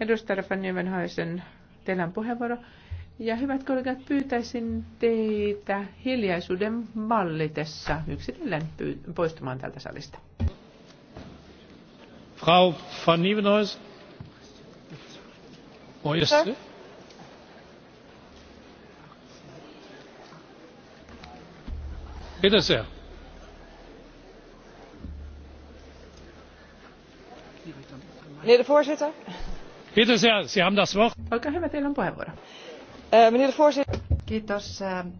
edustaja Rafa teillä on puheenvuoro. Ja hyvät kollegat, pyytäisin teitä hiljaisuuden vallitessa yksitellen poistumaan tältä salista. Frau van Nieuwenhuis. Wo Bitte sehr. Olkaa hyvä, teillä on puheenvuoro. Eh, Kiitos eh,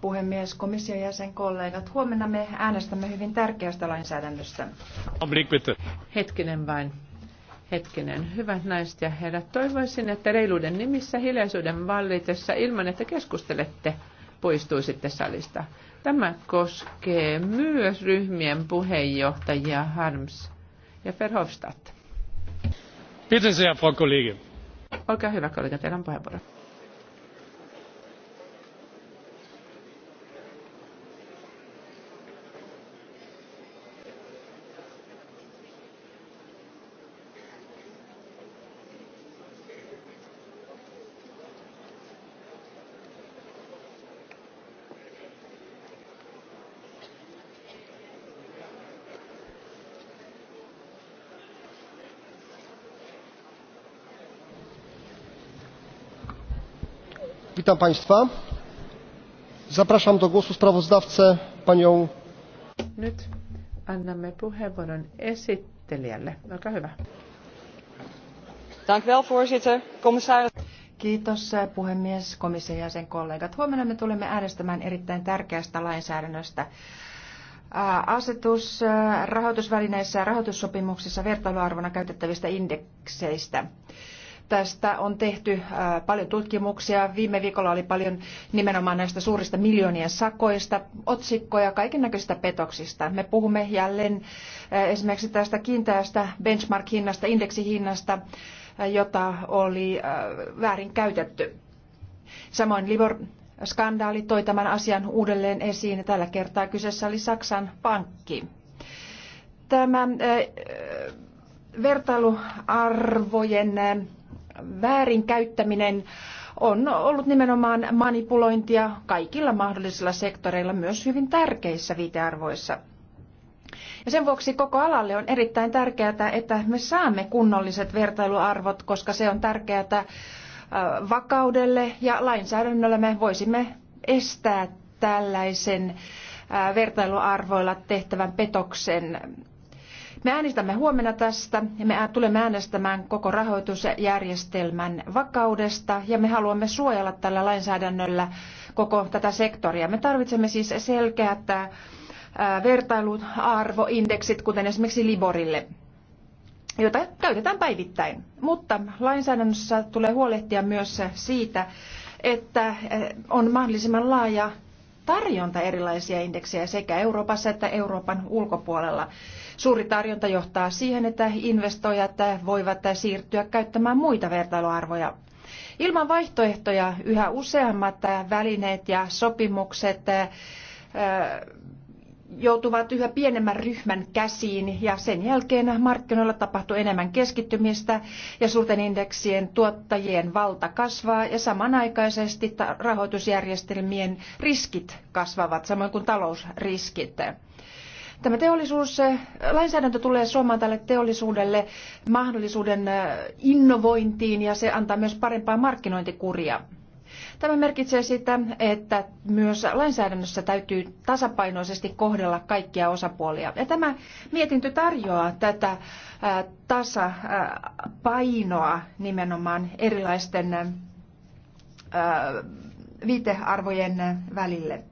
puhemies, komission jäsenkollegat. Huomenna me äänestämme hyvin tärkeästä lainsäädännöstä. Hetkinen vain. Hetkinen. Hyvät naiset ja herrat, toivoisin, että reiluuden nimissä hiljaisuuden vallitessa ilman, että keskustelette, poistuisitte salista. Tämä koskee myös ryhmien puheenjohtajia Harms ja Verhofstadt. Bitte sehr, Frau Kollegin. Olkaa hyvä, kollega, teillä on puheenvuoro. witam państwa. zapraszam do głosu sprawozdawcę panią. nyt annamme puheenvuoron esittelijälle. olkaa hyvä. Dank wel, voorzitter. Commissaris. Kiitos eh, puhemies, komission jäsen kollegat. Huomenna me tulemme äänestämään erittäin tärkeästä lainsäädännöstä. Asetus rahoitusvälineissä ja rahoitussopimuksissa vertailuarvona käytettävistä indekseistä. Tästä on tehty äh, paljon tutkimuksia. Viime viikolla oli paljon nimenomaan näistä suurista miljoonien sakoista, otsikkoja, kaiken näköisistä petoksista. Me puhumme jälleen äh, esimerkiksi tästä kiinteästä benchmark-hinnasta, indeksihinnasta, äh, jota oli väärin käytetty. Samoin Libor skandaali toi tämän asian uudelleen esiin. Tällä kertaa kyseessä oli Saksan pankki. Tämä vertailuarvojen väärinkäyttäminen on ollut nimenomaan manipulointia kaikilla mahdollisilla sektoreilla, myös hyvin tärkeissä viitearvoissa. Ja sen vuoksi koko alalle on erittäin tärkeää, että me saamme kunnolliset vertailuarvot, koska se on tärkeää äh, vakaudelle ja lainsäädännöllä me voisimme estää tällaisen äh, vertailuarvoilla tehtävän petoksen me äänestämme huomenna tästä ja me tulemme äänestämään koko rahoitusjärjestelmän vakaudesta ja me haluamme suojella tällä lainsäädännöllä koko tätä sektoria. Me tarvitsemme siis selkeät vertailuarvoindeksit, kuten esimerkiksi Liborille joita käytetään päivittäin. Mutta lainsäädännössä tulee huolehtia myös siitä, että on mahdollisimman laaja tarjonta erilaisia indeksejä sekä Euroopassa että Euroopan ulkopuolella. Suuri tarjonta johtaa siihen, että investoijat voivat siirtyä käyttämään muita vertailuarvoja. Ilman vaihtoehtoja yhä useammat välineet ja sopimukset joutuvat yhä pienemmän ryhmän käsiin ja sen jälkeen markkinoilla tapahtuu enemmän keskittymistä ja suurten indeksien tuottajien valta kasvaa ja samanaikaisesti rahoitusjärjestelmien riskit kasvavat samoin kuin talousriskit. Tämä teollisuus, eh, lainsäädäntö tulee suomaan tälle teollisuudelle mahdollisuuden eh, innovointiin ja se antaa myös parempaa markkinointikuria. Tämä merkitsee sitä, että myös lainsäädännössä täytyy tasapainoisesti kohdella kaikkia osapuolia. Ja tämä mietintö tarjoaa tätä eh, tasapainoa nimenomaan erilaisten viitearvojen välille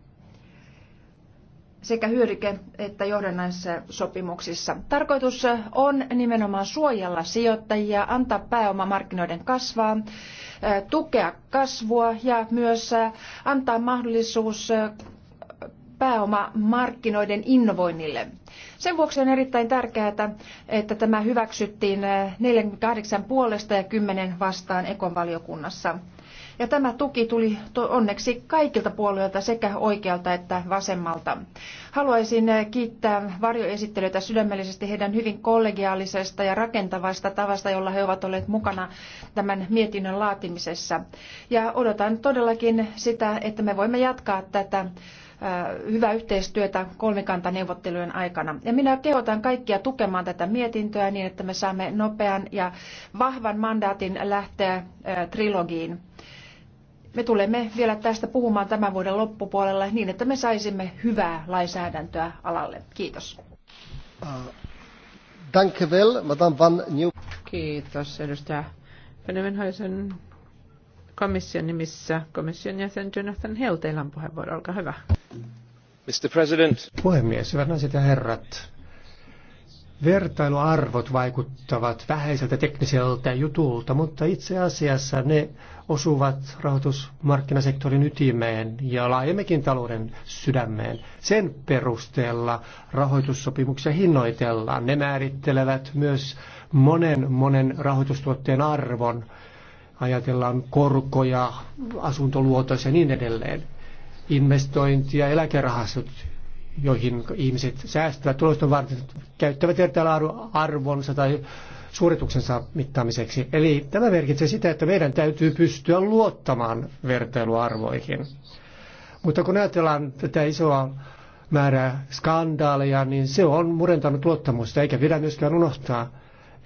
sekä hyödyke- että johdannaissopimuksissa. Tarkoitus on nimenomaan suojella sijoittajia, antaa pääomamarkkinoiden kasvaa, tukea kasvua ja myös antaa mahdollisuus pääomamarkkinoiden innovoinnille. Sen vuoksi on erittäin tärkeää, että tämä hyväksyttiin 48 puolesta ja 10 vastaan ekonvaliokunnassa. Ja tämä tuki tuli onneksi kaikilta puolueilta sekä oikealta että vasemmalta. Haluaisin eh, kiittää varjoesittelyitä sydämellisesti heidän hyvin kollegiaalisesta ja rakentavasta tavasta, jolla he ovat olleet mukana tämän mietinnön laatimisessa. Ja odotan todellakin sitä, että me voimme jatkaa tätä eh, hyvää yhteistyötä kolmikantaneuvottelujen aikana. Ja minä kehotan kaikkia tukemaan tätä mietintöä niin, että me saamme nopean ja vahvan mandaatin lähteä eh, trilogiin. Me tulemme vielä tästä puhumaan tämän vuoden loppupuolella niin, että me saisimme hyvää lainsäädäntöä alalle. Kiitos. Uh, danke well, Madame Van New. Kiitos, edustaja Venemenhaisen komission nimissä. Komission jäsen Jonathan Hill, teillä on puheenvuoro, olkaa hyvä. Mr. President. Puhemies, hyvät naiset ja herrat vertailuarvot vaikuttavat vähäiseltä tekniseltä jutulta, mutta itse asiassa ne osuvat rahoitusmarkkinasektorin ytimeen ja laajemmekin talouden sydämeen. Sen perusteella rahoitussopimuksia hinnoitellaan. Ne määrittelevät myös monen monen rahoitustuotteen arvon. Ajatellaan korkoja, asuntoluotoja ja niin edelleen investointi- ja eläkerahastot, joihin ihmiset säästävät tulosten varten, käyttävät vertailuarvonsa tai suorituksensa mittaamiseksi. Eli tämä merkitsee sitä, että meidän täytyy pystyä luottamaan vertailuarvoihin. Mutta kun ajatellaan tätä isoa määrää skandaaleja, niin se on murentanut luottamusta, eikä pidä myöskään unohtaa,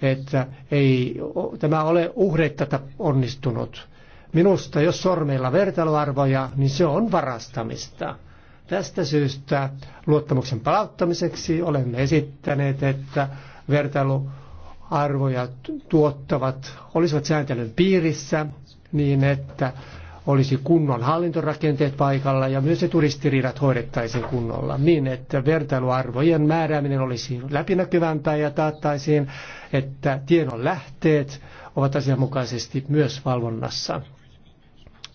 että ei tämä ole uhreitta onnistunut. Minusta, jos sormeilla vertailuarvoja, niin se on varastamista. Tästä syystä luottamuksen palauttamiseksi olemme esittäneet, että vertailuarvoja tuottavat olisivat sääntelyn piirissä niin, että olisi kunnon hallintorakenteet paikalla ja myös se turistiriidat hoidettaisiin kunnolla niin, että vertailuarvojen määrääminen olisi läpinäkyvämpää ja taattaisiin, että tiedon lähteet ovat asianmukaisesti myös valvonnassa.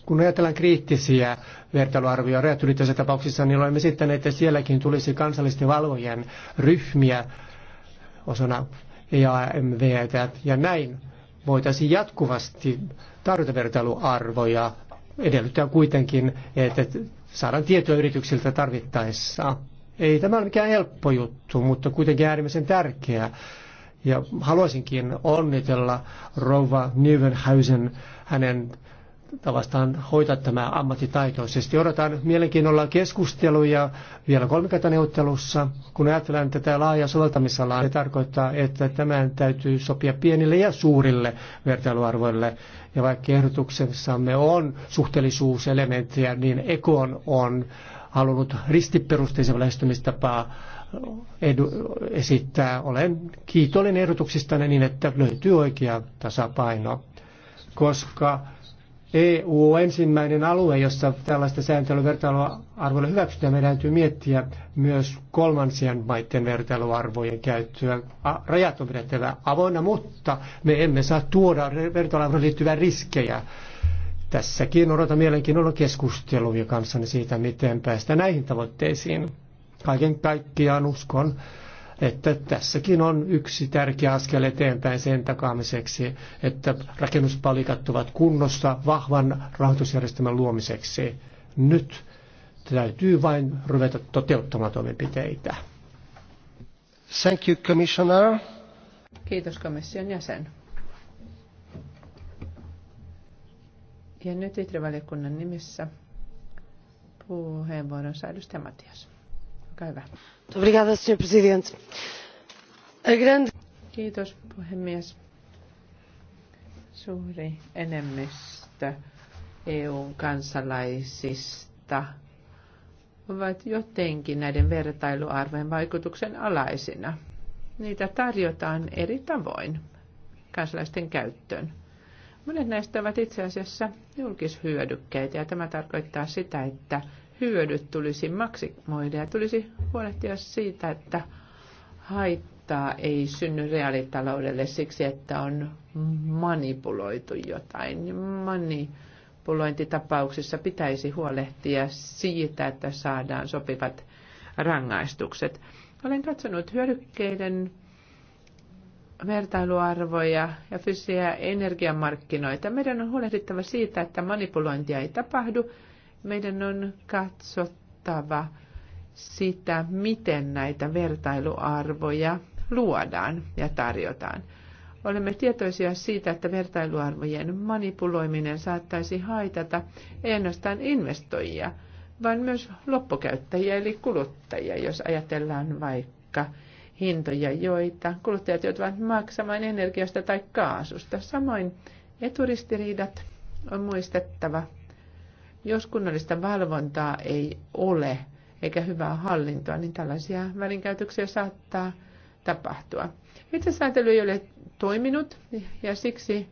Kun ajatellaan kriittisiä vertailuarvioja rajat tapauksissa, niin olemme sitten, että sielläkin tulisi kansallisten valvojen ryhmiä osana EAMV, ja näin voitaisiin jatkuvasti tarjota vertailuarvoja, edellyttää kuitenkin, että saadaan tietoa yrityksiltä tarvittaessa. Ei tämä ole mikään helppo juttu, mutta kuitenkin äärimmäisen tärkeä. Ja haluaisinkin onnitella Rova Nyvenhäysen hänen tavastaan hoitaa tämä ammattitaitoisesti. Odotan mielenkiinnolla keskusteluja vielä kolmikantaneuvottelussa. Kun ajatellaan tätä laajaa soveltamisalaa, se tarkoittaa, että tämän täytyy sopia pienille ja suurille vertailuarvoille. Ja vaikka ehdotuksessamme on suhteellisuuselementtiä, niin Ekon on halunnut ristiperusteisen lähestymistapaa edu, esittää. Olen kiitollinen ehdotuksistanne niin, että löytyy oikea tasapaino, koska EU on ensimmäinen alue, jossa tällaista sääntelyä hyväksytään. Meidän täytyy miettiä myös kolmansien maiden vertailuarvojen käyttöä. Rajat on pidettävä avoinna, mutta me emme saa tuoda vertailuarvoihin liittyviä riskejä. Tässäkin odotan mielenkiinnolla keskusteluja kanssani siitä, miten päästä näihin tavoitteisiin. Kaiken kaikkiaan uskon, että tässäkin on yksi tärkeä askel eteenpäin sen takaamiseksi, että rakennuspalikat ovat kunnossa vahvan rahoitusjärjestelmän luomiseksi. Nyt täytyy vain ruveta toteuttamaan toimenpiteitä. Thank you, Commissioner. Kiitos komission jäsen. Ja nyt itrevaliokunnan nimissä puheenvuoron saa edustaja Matias. Kiitos puhemies. Suuri enemmistö EUn kansalaisista ovat jotenkin näiden vertailuarvojen vaikutuksen alaisina. Niitä tarjotaan eri tavoin kansalaisten käyttöön. Monet näistä ovat itse asiassa julkishyödykkeitä ja tämä tarkoittaa sitä, että hyödyt tulisi maksimoida ja tulisi huolehtia siitä, että haittaa ei synny reaalitaloudelle siksi, että on manipuloitu jotain. Manipulointitapauksissa pitäisi huolehtia siitä, että saadaan sopivat rangaistukset. Olen katsonut hyödykkeiden vertailuarvoja ja fysiä energiamarkkinoita. Meidän on huolehdittava siitä, että manipulointia ei tapahdu meidän on katsottava sitä, miten näitä vertailuarvoja luodaan ja tarjotaan. Olemme tietoisia siitä, että vertailuarvojen manipuloiminen saattaisi haitata ei ainoastaan investoijia, vaan myös loppukäyttäjiä eli kuluttajia, jos ajatellaan vaikka hintoja, joita kuluttajat joutuvat maksamaan energiasta tai kaasusta. Samoin eturistiriidat on muistettava jos kunnollista valvontaa ei ole eikä hyvää hallintoa, niin tällaisia välinkäytöksiä saattaa tapahtua. säätely ei ole toiminut ja siksi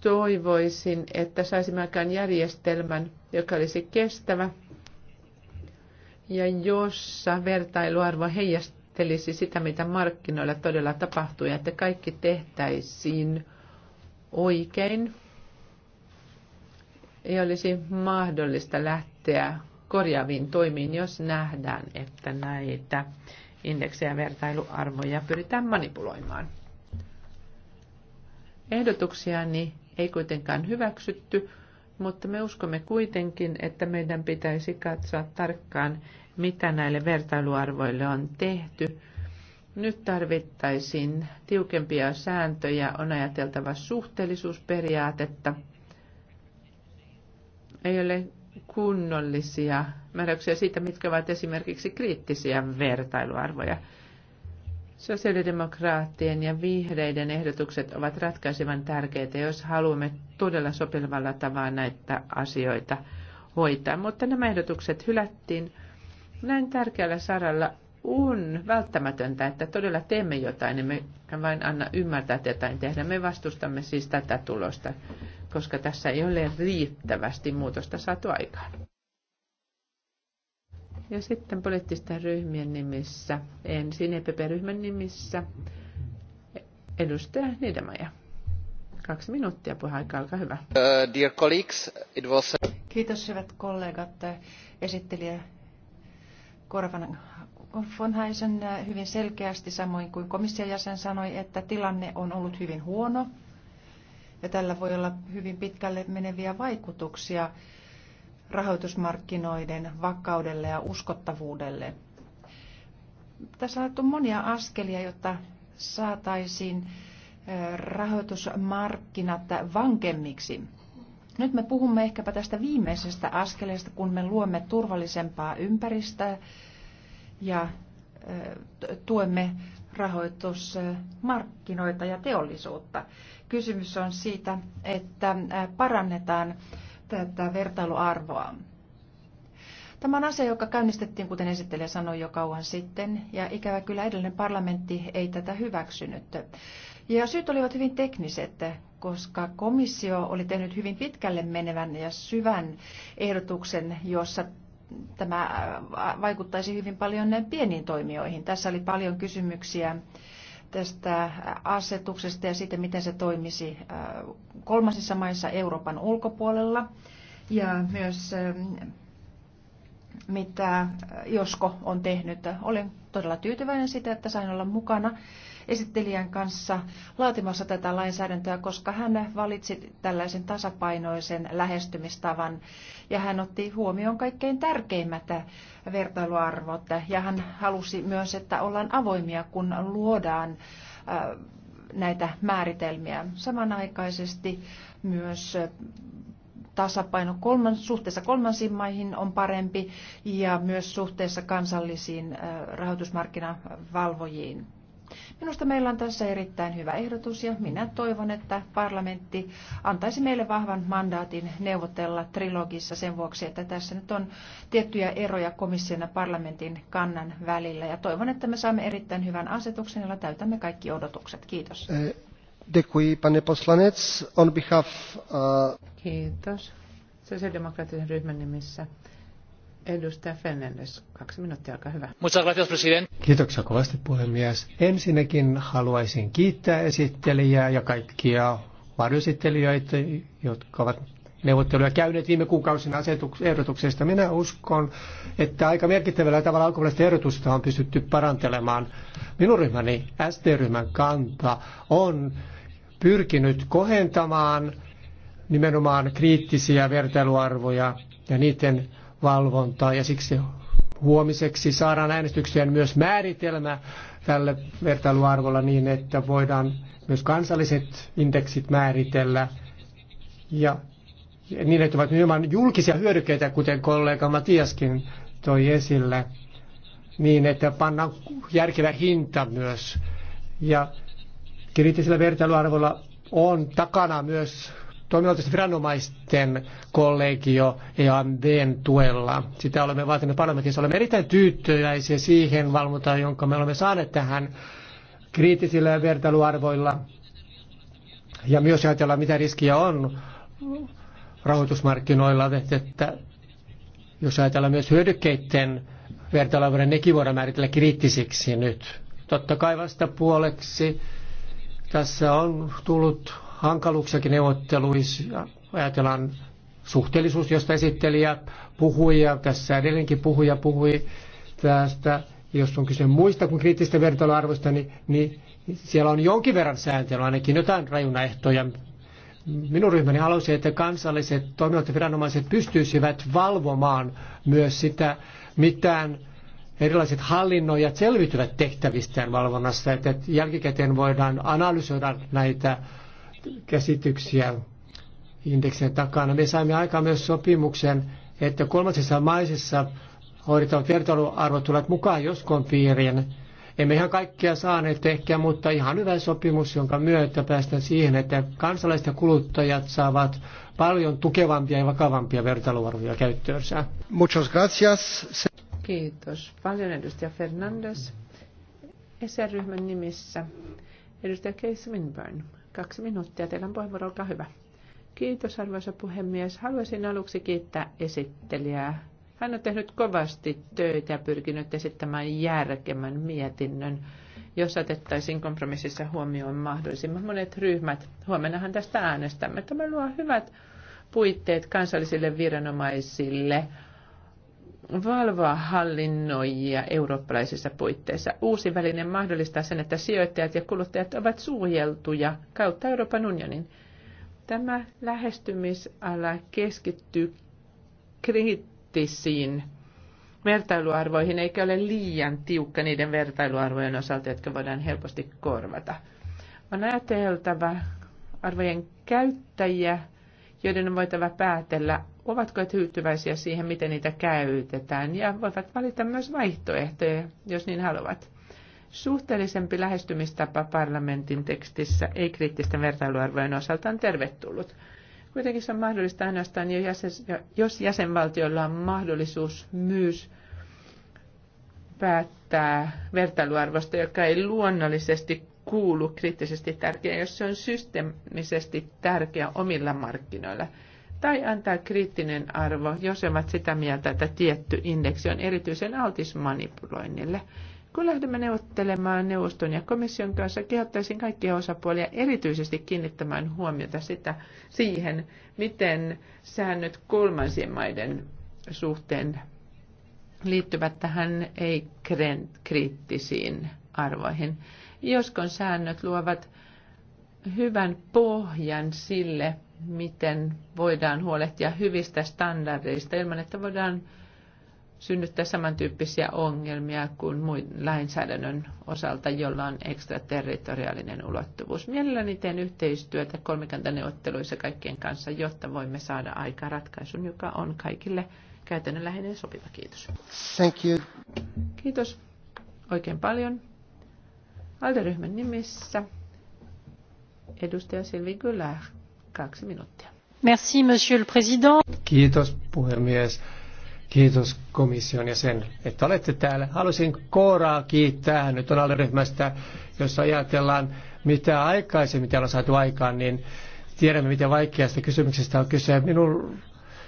toivoisin, että saisimme aikaan järjestelmän, joka olisi kestävä ja jossa vertailuarvo heijastelisi sitä, mitä markkinoilla todella tapahtuu ja että kaikki tehtäisiin oikein ei olisi mahdollista lähteä korjaaviin toimiin, jos nähdään, että näitä indeksejä ja vertailuarvoja pyritään manipuloimaan. Ehdotuksiani ei kuitenkaan hyväksytty, mutta me uskomme kuitenkin, että meidän pitäisi katsoa tarkkaan, mitä näille vertailuarvoille on tehty. Nyt tarvittaisiin tiukempia sääntöjä, on ajateltava suhteellisuusperiaatetta – ei ole kunnollisia määräyksiä siitä, mitkä ovat esimerkiksi kriittisiä vertailuarvoja. Sosiaalidemokraattien ja vihreiden ehdotukset ovat ratkaisevan tärkeitä, jos haluamme todella sopivalla tavalla näitä asioita hoitaa. Mutta nämä ehdotukset hylättiin. Näin tärkeällä saralla on välttämätöntä, että todella teemme jotain, emme vain anna ymmärtää, että jotain tehdä. Me vastustamme siis tätä tulosta koska tässä ei ole riittävästi muutosta saatu aikaan. Ja sitten poliittisten ryhmien nimissä, ensin EPP-ryhmän nimissä, edustaja Niedemaja. Kaksi minuuttia puheaika, olkaa hyvä. Uh, dear colleagues, it was... Kiitos hyvät kollegat, esittelijä Korvan Fonhaisen hyvin selkeästi, samoin kuin komission jäsen sanoi, että tilanne on ollut hyvin huono ja tällä voi olla hyvin pitkälle meneviä vaikutuksia rahoitusmarkkinoiden vakaudelle ja uskottavuudelle. Tässä on otettu monia askelia, jotta saataisiin rahoitusmarkkinat vankemmiksi. Nyt me puhumme ehkäpä tästä viimeisestä askeleesta, kun me luomme turvallisempaa ympäristöä ja tuemme rahoitusmarkkinoita ja teollisuutta. Kysymys on siitä, että parannetaan tätä vertailuarvoa. Tämä on asia, joka käynnistettiin, kuten esittelijä sanoi, jo kauan sitten, ja ikävä kyllä edellinen parlamentti ei tätä hyväksynyt. Ja syyt olivat hyvin tekniset, koska komissio oli tehnyt hyvin pitkälle menevän ja syvän ehdotuksen, jossa tämä vaikuttaisi hyvin paljon pieniin toimijoihin. Tässä oli paljon kysymyksiä tästä asetuksesta ja siitä, miten se toimisi äh, kolmasissa maissa Euroopan ulkopuolella. Ja myös ähm, mitä Josko on tehnyt. Olen todella tyytyväinen siitä, että sain olla mukana esittelijän kanssa laatimassa tätä lainsäädäntöä, koska hän valitsi tällaisen tasapainoisen lähestymistavan ja hän otti huomioon kaikkein tärkeimmät vertailuarvot ja hän halusi myös, että ollaan avoimia, kun luodaan äh, näitä määritelmiä. Samanaikaisesti myös tasapaino kolman, suhteessa kolmansiin maihin on parempi ja myös suhteessa kansallisiin äh, rahoitusmarkkinavalvojiin. Minusta meillä on tässä erittäin hyvä ehdotus ja minä toivon, että parlamentti antaisi meille vahvan mandaatin neuvotella trilogissa sen vuoksi, että tässä nyt on tiettyjä eroja komission ja parlamentin kannan välillä ja toivon, että me saamme erittäin hyvän asetuksen, jolla täytämme kaikki odotukset. Kiitos. Eh, děkuji, pane poslanec. On behalf, uh... Kiitos. Sosiaalidemokraattisen ryhmän nimissä Edustaja Fernandes, kaksi minuuttia, olkaa hyvä. Kiitoksia kovasti puhemies. Ensinnäkin haluaisin kiittää esittelijää ja kaikkia varjoesittelijöitä, jotka ovat neuvotteluja käyneet viime kuukausina ehdotuksesta. Minä uskon, että aika merkittävällä tavalla alkuperäistä ehdotusta on pystytty parantelemaan. Minun ryhmäni, ST-ryhmän kanta, on pyrkinyt kohentamaan nimenomaan kriittisiä vertailuarvoja ja niiden valvontaa ja siksi huomiseksi saadaan äänestykseen myös määritelmä tälle vertailuarvolla niin, että voidaan myös kansalliset indeksit määritellä ja niin, että ovat hieman julkisia hyödykkeitä, kuten kollega Matiaskin toi esille, niin että pannaan järkevä hinta myös. Ja kriittisellä vertailuarvolla on takana myös toimivaltaisten viranomaisten kollegio EAMDn tuella. Sitä olemme vaatineet parlamentissa. Olemme erittäin tyytyväisiä siihen valvontaan, jonka me olemme saaneet tähän kriittisillä ja vertailuarvoilla. Ja myös ajatellaan, mitä riskiä on rahoitusmarkkinoilla, että jos ajatellaan myös hyödykkeiden vertailuarvoja, niin nekin voidaan määritellä kriittisiksi nyt. Totta kai vastapuoleksi tässä on tullut hankaluuksiakin neuvotteluissa. Ajatellaan suhteellisuus, josta esittelijä puhui ja tässä edelleenkin puhuja puhui tästä. Jos on kyse muista kuin kriittistä vertailuarvoista, niin, niin siellä on jonkin verran sääntelyä, ainakin jotain rajunaehtoja. Minun ryhmäni halusi, että kansalliset toimijat ja viranomaiset pystyisivät valvomaan myös sitä, mitään erilaiset hallinnoijat selvityvät tehtävistään valvonnassa, että jälkikäteen voidaan analysoida näitä käsityksiä indeksien takana. Me saimme aikaan myös sopimuksen, että kolmansissa maisissa hoidettavat vertailuarvot tulevat mukaan joskon piiriin. Emme ihan kaikkia saaneet ehkä, mutta ihan hyvä sopimus, jonka myötä päästään siihen, että kansalaiset ja kuluttajat saavat paljon tukevampia ja vakavampia vertailuarvoja käyttöönsä. Muchas gracias. Kiitos paljon edustaja Fernandes. SR-ryhmän nimissä edustaja Case Winburn. Kaksi minuuttia. teidän puheenvuoro, olkaa hyvä. Kiitos arvoisa puhemies. Haluaisin aluksi kiittää esittelijää. Hän on tehnyt kovasti töitä ja pyrkinyt esittämään järkemmän mietinnön, jos otettaisiin kompromississa huomioon mahdollisimman monet ryhmät. Huomennahan tästä äänestämme. Tämä luo hyvät puitteet kansallisille viranomaisille valvoa hallinnoijia eurooppalaisissa puitteissa. Uusi väline mahdollistaa sen, että sijoittajat ja kuluttajat ovat suojeltuja kautta Euroopan unionin. Tämä lähestymisala keskittyy kriittisiin vertailuarvoihin, eikä ole liian tiukka niiden vertailuarvojen osalta, jotka voidaan helposti korvata. On ajateltava arvojen käyttäjiä, joiden on voitava päätellä, ovatko he tyytyväisiä siihen, miten niitä käytetään ja voivat valita myös vaihtoehtoja, jos niin haluavat. Suhteellisempi lähestymistapa parlamentin tekstissä ei kriittisten vertailuarvojen osalta on tervetullut. Kuitenkin se on mahdollista ainoastaan, jos jäsenvaltiolla on mahdollisuus myös päättää vertailuarvosta, joka ei luonnollisesti kuulu kriittisesti tärkeä, jos se on systeemisesti tärkeä omilla markkinoilla – tai antaa kriittinen arvo, jos ovat sitä mieltä, että tietty indeksi on erityisen altis manipuloinnille. Kun lähdemme neuvottelemaan neuvoston ja komission kanssa, kehottaisin kaikkia osapuolia erityisesti kiinnittämään huomiota sitä, siihen, miten säännöt kolmansien maiden suhteen liittyvät tähän ei-kriittisiin arvoihin. Joskon säännöt luovat hyvän pohjan sille, miten voidaan huolehtia hyvistä standardeista ilman, että voidaan synnyttää samantyyppisiä ongelmia kuin muun lainsäädännön osalta, jolla on ekstraterritoriaalinen ulottuvuus. Mielelläni teen yhteistyötä kolmikantaneuvotteluissa kaikkien kanssa, jotta voimme saada aika ratkaisun, joka on kaikille käytännönläheinen sopiva. Kiitos. Thank you. Kiitos oikein paljon. Alderyhmän nimissä edustaja Silvi Gylär. Kaksi minuuttia. Merci, monsieur le président. Kiitos, puhemies. Kiitos komission ja sen, että olette täällä. Haluaisin Kooraa kiittää nyt on ryhmästä, jossa ajatellaan, mitä aikaisemmin täällä on saatu aikaan, niin tiedämme, miten vaikeasta kysymyksestä on kyse. Minun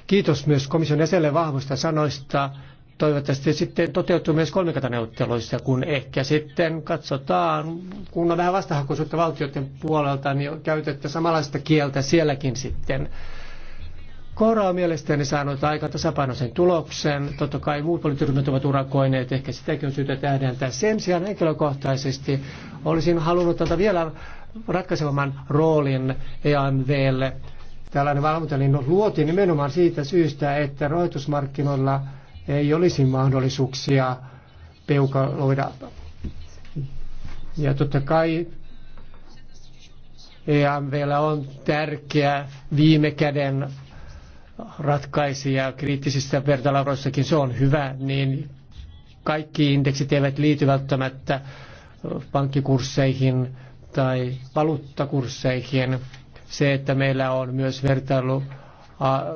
kiitos myös komission jäsenelle vahvoista sanoista toivottavasti sitten toteutuu myös kolmikantaneuvotteluissa, kun ehkä sitten katsotaan, kun on vähän vastahakoisuutta valtioiden puolelta, niin käytetään samanlaista kieltä sielläkin sitten. Kora on mielestäni saanut aika tasapainoisen tuloksen. Totta kai muut poliittiryhmät ovat urakoineet, ehkä sitäkin on syytä tähdentää. Sen sijaan henkilökohtaisesti olisin halunnut tätä vielä ratkaisevan roolin EAMVlle. Tällainen valvontalinnon niin luotiin nimenomaan siitä syystä, että rahoitusmarkkinoilla – ei olisi mahdollisuuksia peukaloida. Ja totta kai EMVllä on tärkeä viime käden ratkaisija kriittisissä vertailuroissakin. Se on hyvä, niin kaikki indeksit eivät liity välttämättä pankkikursseihin tai valuuttakursseihin. Se, että meillä on myös vertailu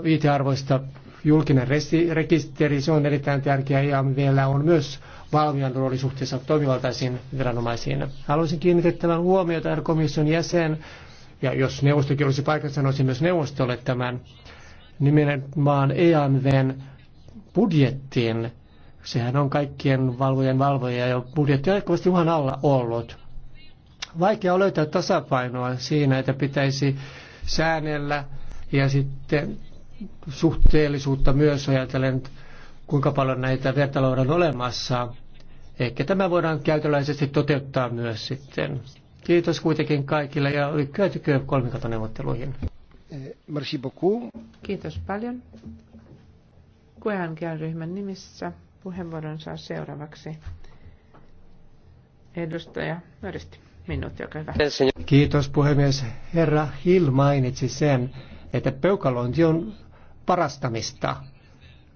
viitearvoista julkinen rekisteri, se on erittäin tärkeä ja vielä on myös valmian rooli suhteessa toimivaltaisiin viranomaisiin. Haluaisin kiinnitettävän huomiota r komission jäsen, ja jos neuvostokin olisi paikassa, sanoisin myös neuvostolle tämän nimenomaan EAMVn budjettiin. Sehän on kaikkien valvojen valvoja ja budjetti on jatkuvasti uhan alla ollut. Vaikea löytää tasapainoa siinä, että pitäisi säännellä ja sitten suhteellisuutta myös ajatellen, kuinka paljon näitä vertailuja on olemassa. Ehkä tämä voidaan käytännöllisesti toteuttaa myös sitten. Kiitos kuitenkin kaikille ja lykkäytykö kolmikantaneuvotteluihin. Merci beaucoup. Kiitos paljon. QNG-ryhmän nimissä puheenvuoron saa seuraavaksi edustaja Möristi. Minuutti, olkaa hyvä. Kiitos puhemies. Herra Hill mainitsi sen, että peukalointi on parastamista.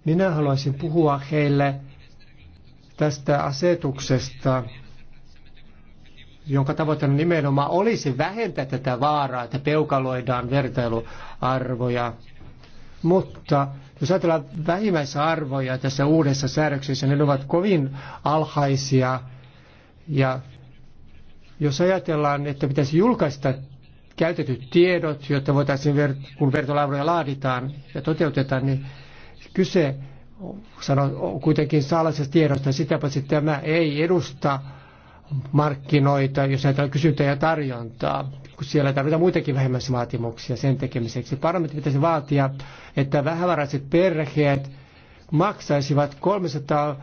Minä haluaisin puhua heille tästä asetuksesta, jonka tavoitteena nimenomaan olisi vähentää tätä vaaraa, että peukaloidaan vertailuarvoja. Mutta jos ajatellaan vähimmäisarvoja tässä uudessa säädöksessä, niin ne ovat kovin alhaisia. Ja jos ajatellaan, että pitäisi julkaista käytetyt tiedot, jotta voitaisiin, kun vertolaivoja laaditaan ja toteutetaan, niin kyse on kuitenkin salaisesta tiedosta, sitä paitsi tämä ei edusta markkinoita, jos ajatellaan kysyntää ja tarjontaa, kun siellä tarvitaan muitakin vaatimuksia sen tekemiseksi. Parlamentti pitäisi vaatia, että vähävaraiset perheet maksaisivat 300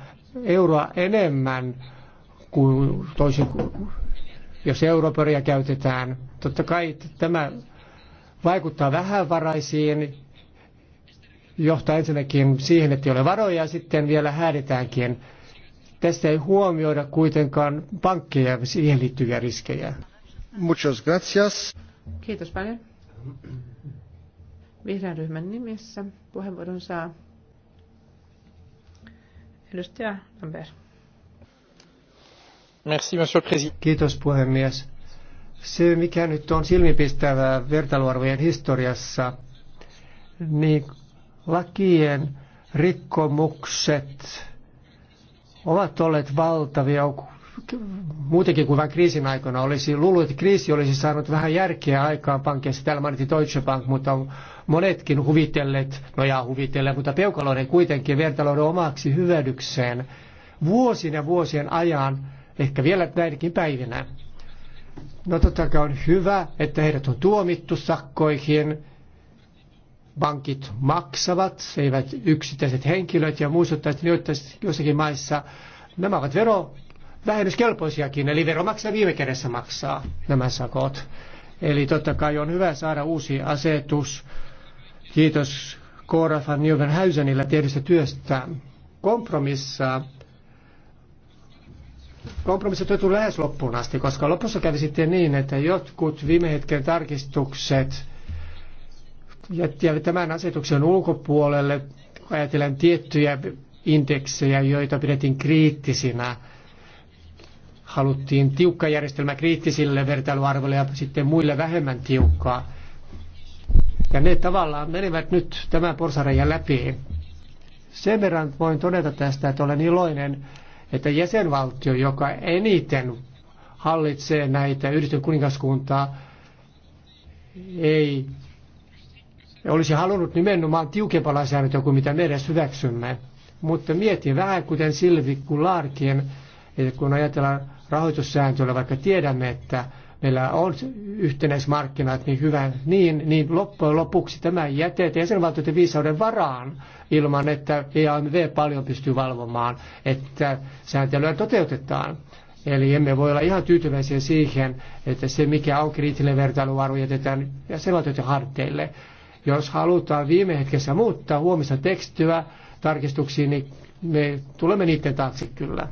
euroa enemmän kuin toisin, jos europeria käytetään Totta kai tämä vaikuttaa vähävaraisiin, johtaa ensinnäkin siihen, että ei ole varoja ja sitten vielä häädetäänkin. Tässä ei huomioida kuitenkaan pankkeja ja siihen liittyviä riskejä. Muchas gracias. Kiitos paljon. Vihreän ryhmän nimissä puheenvuoron saa edustaja Lambert. Merci, monsieur le Kiitos puhemies. Se, mikä nyt on silmipistävää vertailuarvojen historiassa, niin lakien rikkomukset ovat olleet valtavia muutenkin kuin vain kriisin aikana olisi luullut, että kriisi olisi saanut vähän järkeä aikaan pankeissa. Täällä mainittiin Deutsche Bank, mutta monetkin huvitelleet, no jaa huvitelleet, mutta peukaloiden kuitenkin vertailuiden omaksi hyödykseen vuosien ja vuosien ajan, ehkä vielä näidenkin päivinä. No totta kai on hyvä, että heidät on tuomittu sakkoihin. Pankit maksavat, eivät yksittäiset henkilöt ja muistuttaa, että joissakin maissa nämä ovat vero vähennyskelpoisiakin, eli veromaksaja viime kädessä maksaa nämä sakot. Eli totta kai on hyvä saada uusi asetus. Kiitos Cora van Nieuwenhuisenille tehdystä työstä. Kompromissa kompromissit on lähes loppuun asti, koska lopussa kävi sitten niin, että jotkut viime hetken tarkistukset jättivät tämän asetuksen ulkopuolelle, ajatellaan tiettyjä indeksejä, joita pidettiin kriittisinä. Haluttiin tiukka järjestelmä kriittisille vertailuarvoille ja sitten muille vähemmän tiukkaa. Ja ne tavallaan menivät nyt tämän porsareijan läpi. Sen verran voin todeta tästä, että olen iloinen että jäsenvaltio, joka eniten hallitsee näitä yhdistön kuningaskuntaa, ei olisi halunnut nimenomaan tiukempaa lainsäädäntöä kuin mitä me edes hyväksymme. Mutta mietin vähän kuten Silvi Kularkin, että kun ajatellaan rahoitussääntöä, vaikka tiedämme, että meillä on yhtenäismarkkinat, niin hyvä niin, niin loppujen lopuksi tämä jätetään jäsenvaltioiden viisauden varaan ilman, että EAMV paljon pystyy valvomaan, että sääntelyä toteutetaan. Eli emme voi olla ihan tyytyväisiä siihen, että se mikä on kriittinen vertailuarvo jätetään jäsenvaltioiden harteille. Jos halutaan viime hetkessä muuttaa huomista tekstyä tarkistuksiin, niin me tulemme niiden taakse kyllä.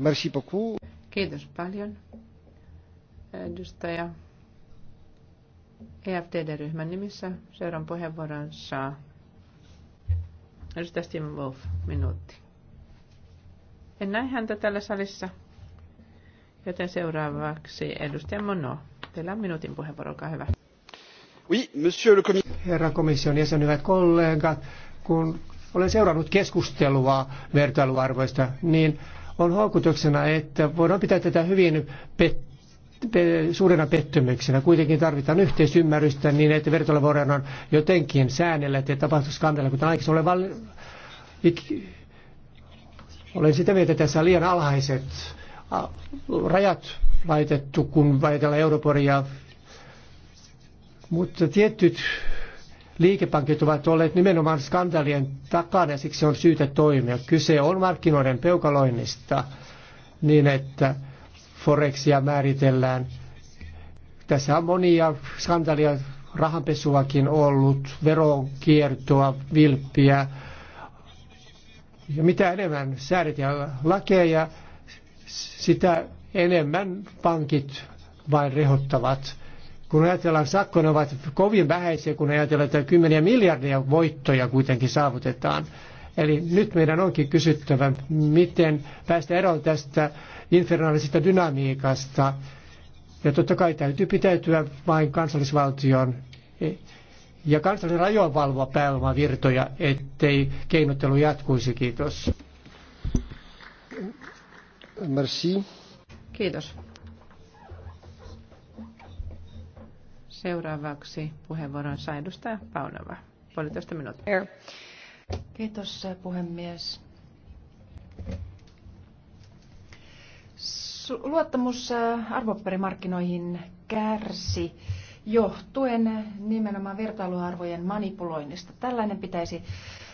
Merci beaucoup. Kiitos paljon edustaja EFTD-ryhmän nimissä. Seuraan puheenvuoron saa edustaja Steven Wolf, minuutti. En näe häntä täällä salissa, joten seuraavaksi edustaja Mono. Teillä on minuutin puheenvuoro, olkaa hyvä. Oui, monsieur le commis... Herra komission jäsen, hyvät kollegat, kun olen seurannut keskustelua vertailuarvoista, niin on houkutuksena, että voidaan pitää tätä hyvin pet- suurena pettymyksenä. Kuitenkin tarvitaan yhteisymmärrystä niin, että vertailuvuoden on jotenkin säännellä, että tapahtuu skandaaleja, kuten aikaisemmin olen, val... olen sitä mieltä, että tässä on liian alhaiset rajat laitettu, kun ajatellaan Europoria. Mutta tietyt liikepankit ovat olleet nimenomaan skandaalien takana ja siksi on syytä toimia. Kyse on markkinoiden peukaloinnista niin, että Forexia määritellään. Tässä on monia skandaalia, rahanpesuakin ollut, veronkiertoa, vilppiä. Ja mitä enemmän säädetään lakeja, sitä enemmän pankit vain rehottavat. Kun ajatellaan, sakko ne ovat kovin vähäisiä, kun ajatellaan, että kymmeniä miljardia voittoja kuitenkin saavutetaan. Eli nyt meidän onkin kysyttävä, miten päästä eroon tästä infernaalisesta dynamiikasta. Ja totta kai täytyy pitäytyä vain kansallisvaltion e, ja kansallisen rajoin valvoa pääomavirtoja, ettei keinottelu jatkuisi. Kiitos. Merci. Kiitos. Seuraavaksi puheenvuoron saa edustaja Paunava. Puolitoista minuuttia. Kiitos puhemies. luottamus äh, arvopaperimarkkinoihin kärsi johtuen nimenomaan vertailuarvojen manipuloinnista. Tällainen pitäisi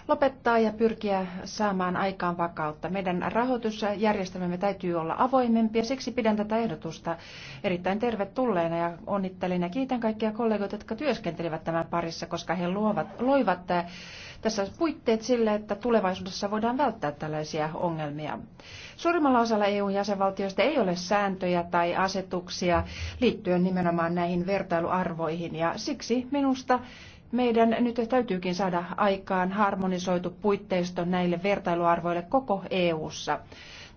lopettaa ja pyrkiä saamaan aikaan vakautta. Meidän rahoitusjärjestelmämme täytyy olla avoimempi ja siksi pidän tätä ehdotusta erittäin tervetulleena ja onnittelen ja kiitän kaikkia kollegoita, jotka työskentelevät tämän parissa, koska he luovat, loivat eh, tässä puitteet sille, että tulevaisuudessa voidaan välttää tällaisia ongelmia. Suurimmalla osalla EU-jäsenvaltioista ei ole sääntöjä tai asetuksia liittyen nimenomaan näihin vertailuarvoihin ja siksi minusta meidän nyt täytyykin saada aikaan harmonisoitu puitteisto näille vertailuarvoille koko EU:ssa.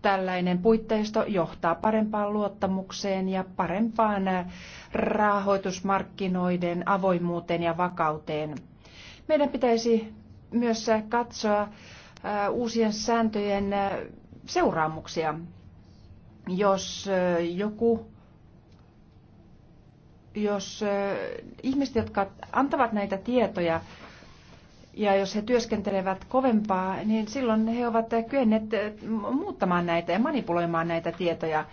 Tällainen puitteisto johtaa parempaan luottamukseen ja parempaan äh, rahoitusmarkkinoiden avoimuuteen ja vakauteen. Meidän pitäisi myös katsoa äh, uusien sääntöjen äh, seuraamuksia. Jos joku jos ihmiset, jotka antavat näitä tietoja, ja jos he työskentelevät kovempaa, niin silloin he ovat kyenneet muuttamaan näitä ja manipuloimaan näitä tietoja.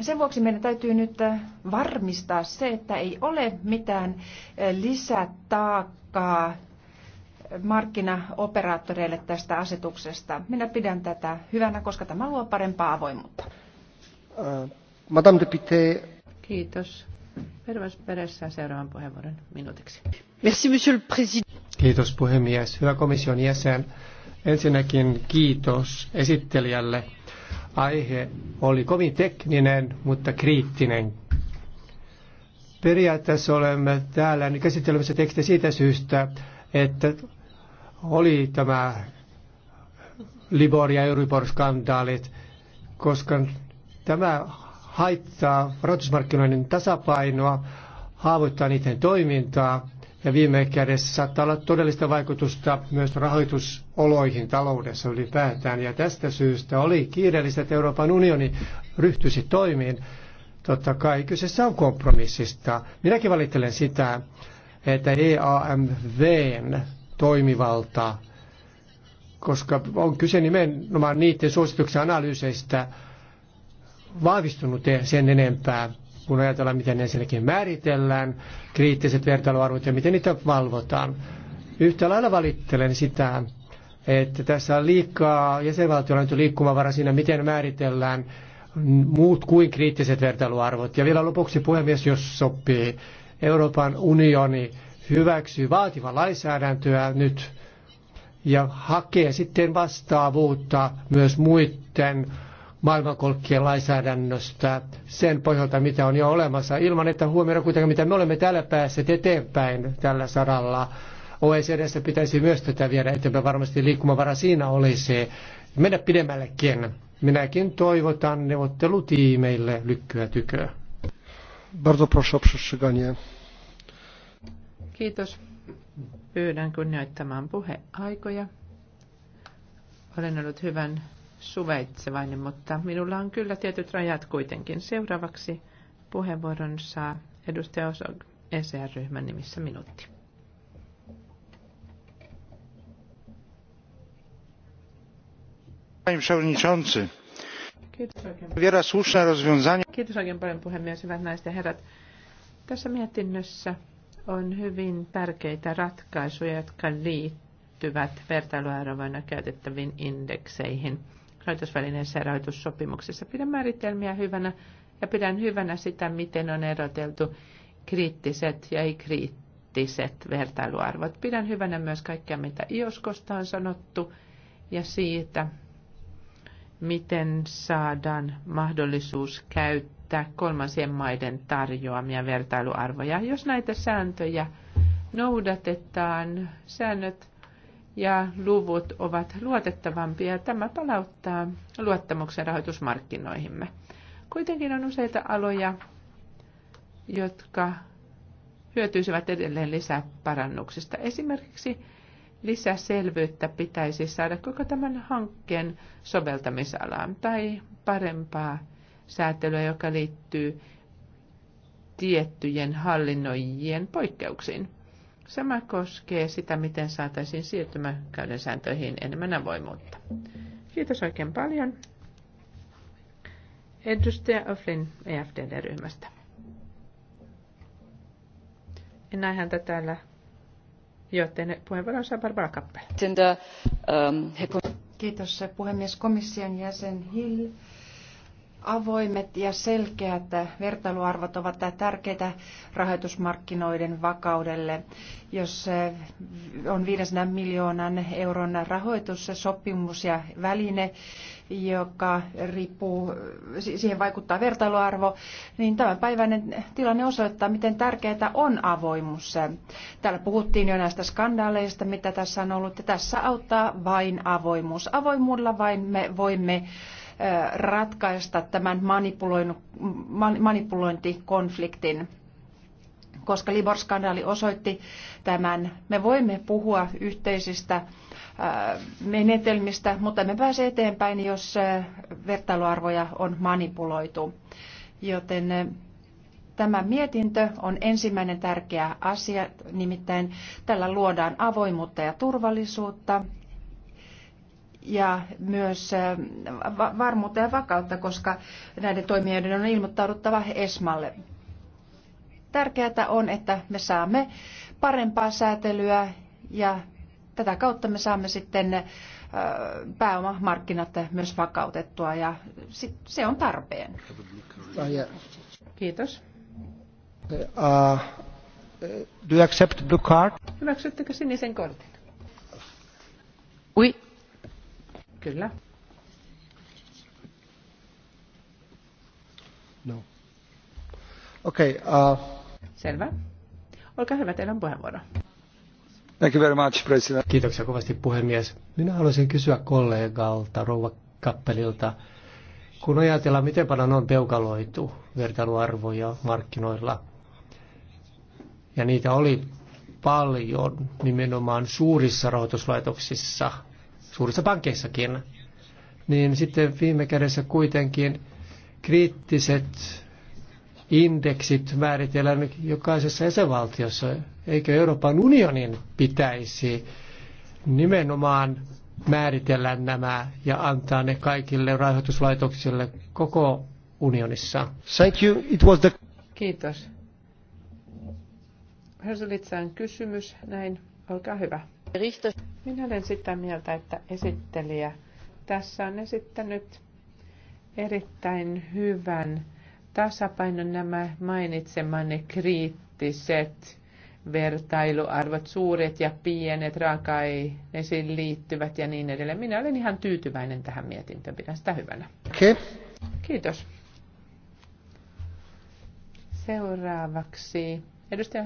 Sen vuoksi meidän täytyy nyt varmistaa se, että ei ole mitään lisätaakkaa markkinaoperaattoreille tästä asetuksesta. Minä pidän tätä hyvänä, koska tämä luo parempaa avoimuutta. Äh, Madame de Pité. Kiitos. Pervas seuraavan puheenvuoron minuutiksi. Merci, monsieur le président. Kiitos puhemies. Hyvä komission jäsen. Ensinnäkin kiitos esittelijälle. Aihe oli kovin tekninen, mutta kriittinen. Periaatteessa olemme täällä nyt käsittelemässä tekstiä siitä syystä, että oli tämä Libor ja Euribor-skandaalit, koska tämä haittaa rahoitusmarkkinoiden tasapainoa, haavoittaa niiden toimintaa ja viime kädessä saattaa olla todellista vaikutusta myös rahoitusoloihin taloudessa ylipäätään. Ja tästä syystä oli kiireellistä, että Euroopan unioni ryhtyisi toimiin. Totta kai kyseessä on kompromissista. Minäkin valittelen sitä, että EAMVn toimivalta, koska on kyse nimenomaan niiden suosituksen analyyseistä, vahvistunut e- sen enempää, kun ajatellaan, miten ensinnäkin määritellään kriittiset vertailuarvot ja miten niitä valvotaan. Yhtä lailla valittelen sitä, että tässä on liikaa jäsenvaltioilla nyt liikkumavara siinä, miten määritellään muut kuin kriittiset vertailuarvot. Ja vielä lopuksi puhemies, jos sopii, Euroopan unioni hyväksyy vaativan lainsäädäntöä nyt ja hakee sitten vastaavuutta myös muiden maailmankolkkien lainsäädännöstä sen pohjalta, mitä on jo olemassa, ilman että huomioida kuitenkin, mitä me olemme täällä päässeet eteenpäin tällä saralla. OECDssä pitäisi myös tätä viedä eteenpäin, varmasti liikkumavara siinä olisi. Mennä pidemmällekin. Minäkin toivotan neuvottelutiimeille lykkyä tyköä. Bardzo proszę o przestrzeganie. Kiitos. Pyydän kunnioittamaan puheaikoja. Olen ollut hyvän suvaitsevainen, mutta minulla on kyllä tietyt rajat kuitenkin. Seuraavaksi puheenvuoron saa edustaja Osog ECR-ryhmän nimissä minuutti. Kiitos oikein paljon puhemies, hyvät naiset ja herrat. Tässä mietinnössä on hyvin tärkeitä ratkaisuja, jotka liittyvät vertailuarvoina käytettäviin indekseihin – rahoitusvälineessä ja rahoitussopimuksessa. Pidän määritelmiä hyvänä ja pidän hyvänä sitä, miten on eroteltu kriittiset ja ei-kriittiset vertailuarvot. Pidän hyvänä myös kaikkea, mitä IOSKosta on sanottu ja siitä, miten saadaan mahdollisuus käyttää kolmansien maiden tarjoamia vertailuarvoja. Jos näitä sääntöjä noudatetaan, säännöt ja luvut ovat luotettavampia. Tämä palauttaa luottamuksen rahoitusmarkkinoihimme. Kuitenkin on useita aloja, jotka hyötyisivät edelleen lisää parannuksista. Esimerkiksi lisäselvyyttä pitäisi saada koko tämän hankkeen soveltamisalaan tai parempaa säätelyä, joka liittyy tiettyjen hallinnoijien poikkeuksiin. Sama koskee sitä, miten saataisiin siirtymäkäyden sääntöihin enemmän avoimuutta. Kiitos oikein paljon. Edustaja Öflin EFDD-ryhmästä. En näe häntä täällä, joten puheenvuoron saa Barbara Kappel. Uh, um, Kiitos puhemies komission jäsen Hill Avoimet ja selkeät vertailuarvot ovat tärkeitä rahoitusmarkkinoiden vakaudelle. Jos eh, on 500 miljoonan euron rahoitus, sopimus ja väline, joka riippuu, siihen vaikuttaa vertailuarvo, niin tämänpäiväinen tilanne osoittaa, miten tärkeää on avoimuus. Täällä puhuttiin jo näistä skandaaleista, mitä tässä on ollut, ja tässä auttaa vain avoimuus. Avoimuudella vain me voimme ratkaista tämän manipulointikonfliktin koska Libor-skandaali osoitti tämän. Me voimme puhua yhteisistä menetelmistä, mutta me pääse eteenpäin, jos vertailuarvoja on manipuloitu. Joten tämä mietintö on ensimmäinen tärkeä asia, nimittäin tällä luodaan avoimuutta ja turvallisuutta ja myös äh, varmuutta ja vakautta, koska näiden toimijoiden on ilmoittauduttava ESMalle. Tärkeää on, että me saamme parempaa säätelyä ja tätä kautta me saamme sitten äh, pääomamarkkinat myös vakautettua ja se on tarpeen. Ah, Kiitos. Uh, uh, do you accept blue card? Hyväksyttekö sinisen kortin? Oui. Kyllä. No. Okei. Okay, uh... Selvä. Olkaa hyvä, teillä on puheenvuoro. Thank you very much, President. Kiitoksia kovasti puhemies. Minä haluaisin kysyä kollegalta, rouva Kappelilta, kun ajatellaan, miten paljon on peukaloitu vertailuarvoja markkinoilla, ja niitä oli paljon nimenomaan suurissa rahoituslaitoksissa – suurissa pankeissakin, niin sitten viime kädessä kuitenkin kriittiset indeksit määritellään jokaisessa jäsenvaltiossa. Eikö Euroopan unionin pitäisi nimenomaan määritellä nämä ja antaa ne kaikille rahoituslaitoksille koko unionissa? Thank you. It was the... Kiitos. Hersulitsaan kysymys näin. Olkaa hyvä. Minä olen sitä mieltä, että esittelijä tässä on esittänyt erittäin hyvän tasapainon nämä mainitsemanne kriittiset vertailuarvot, suuret ja pienet, raaka-aineisiin liittyvät ja niin edelleen. Minä olen ihan tyytyväinen tähän mietintöön, pidän sitä hyvänä. Okay. Kiitos. Seuraavaksi edustaja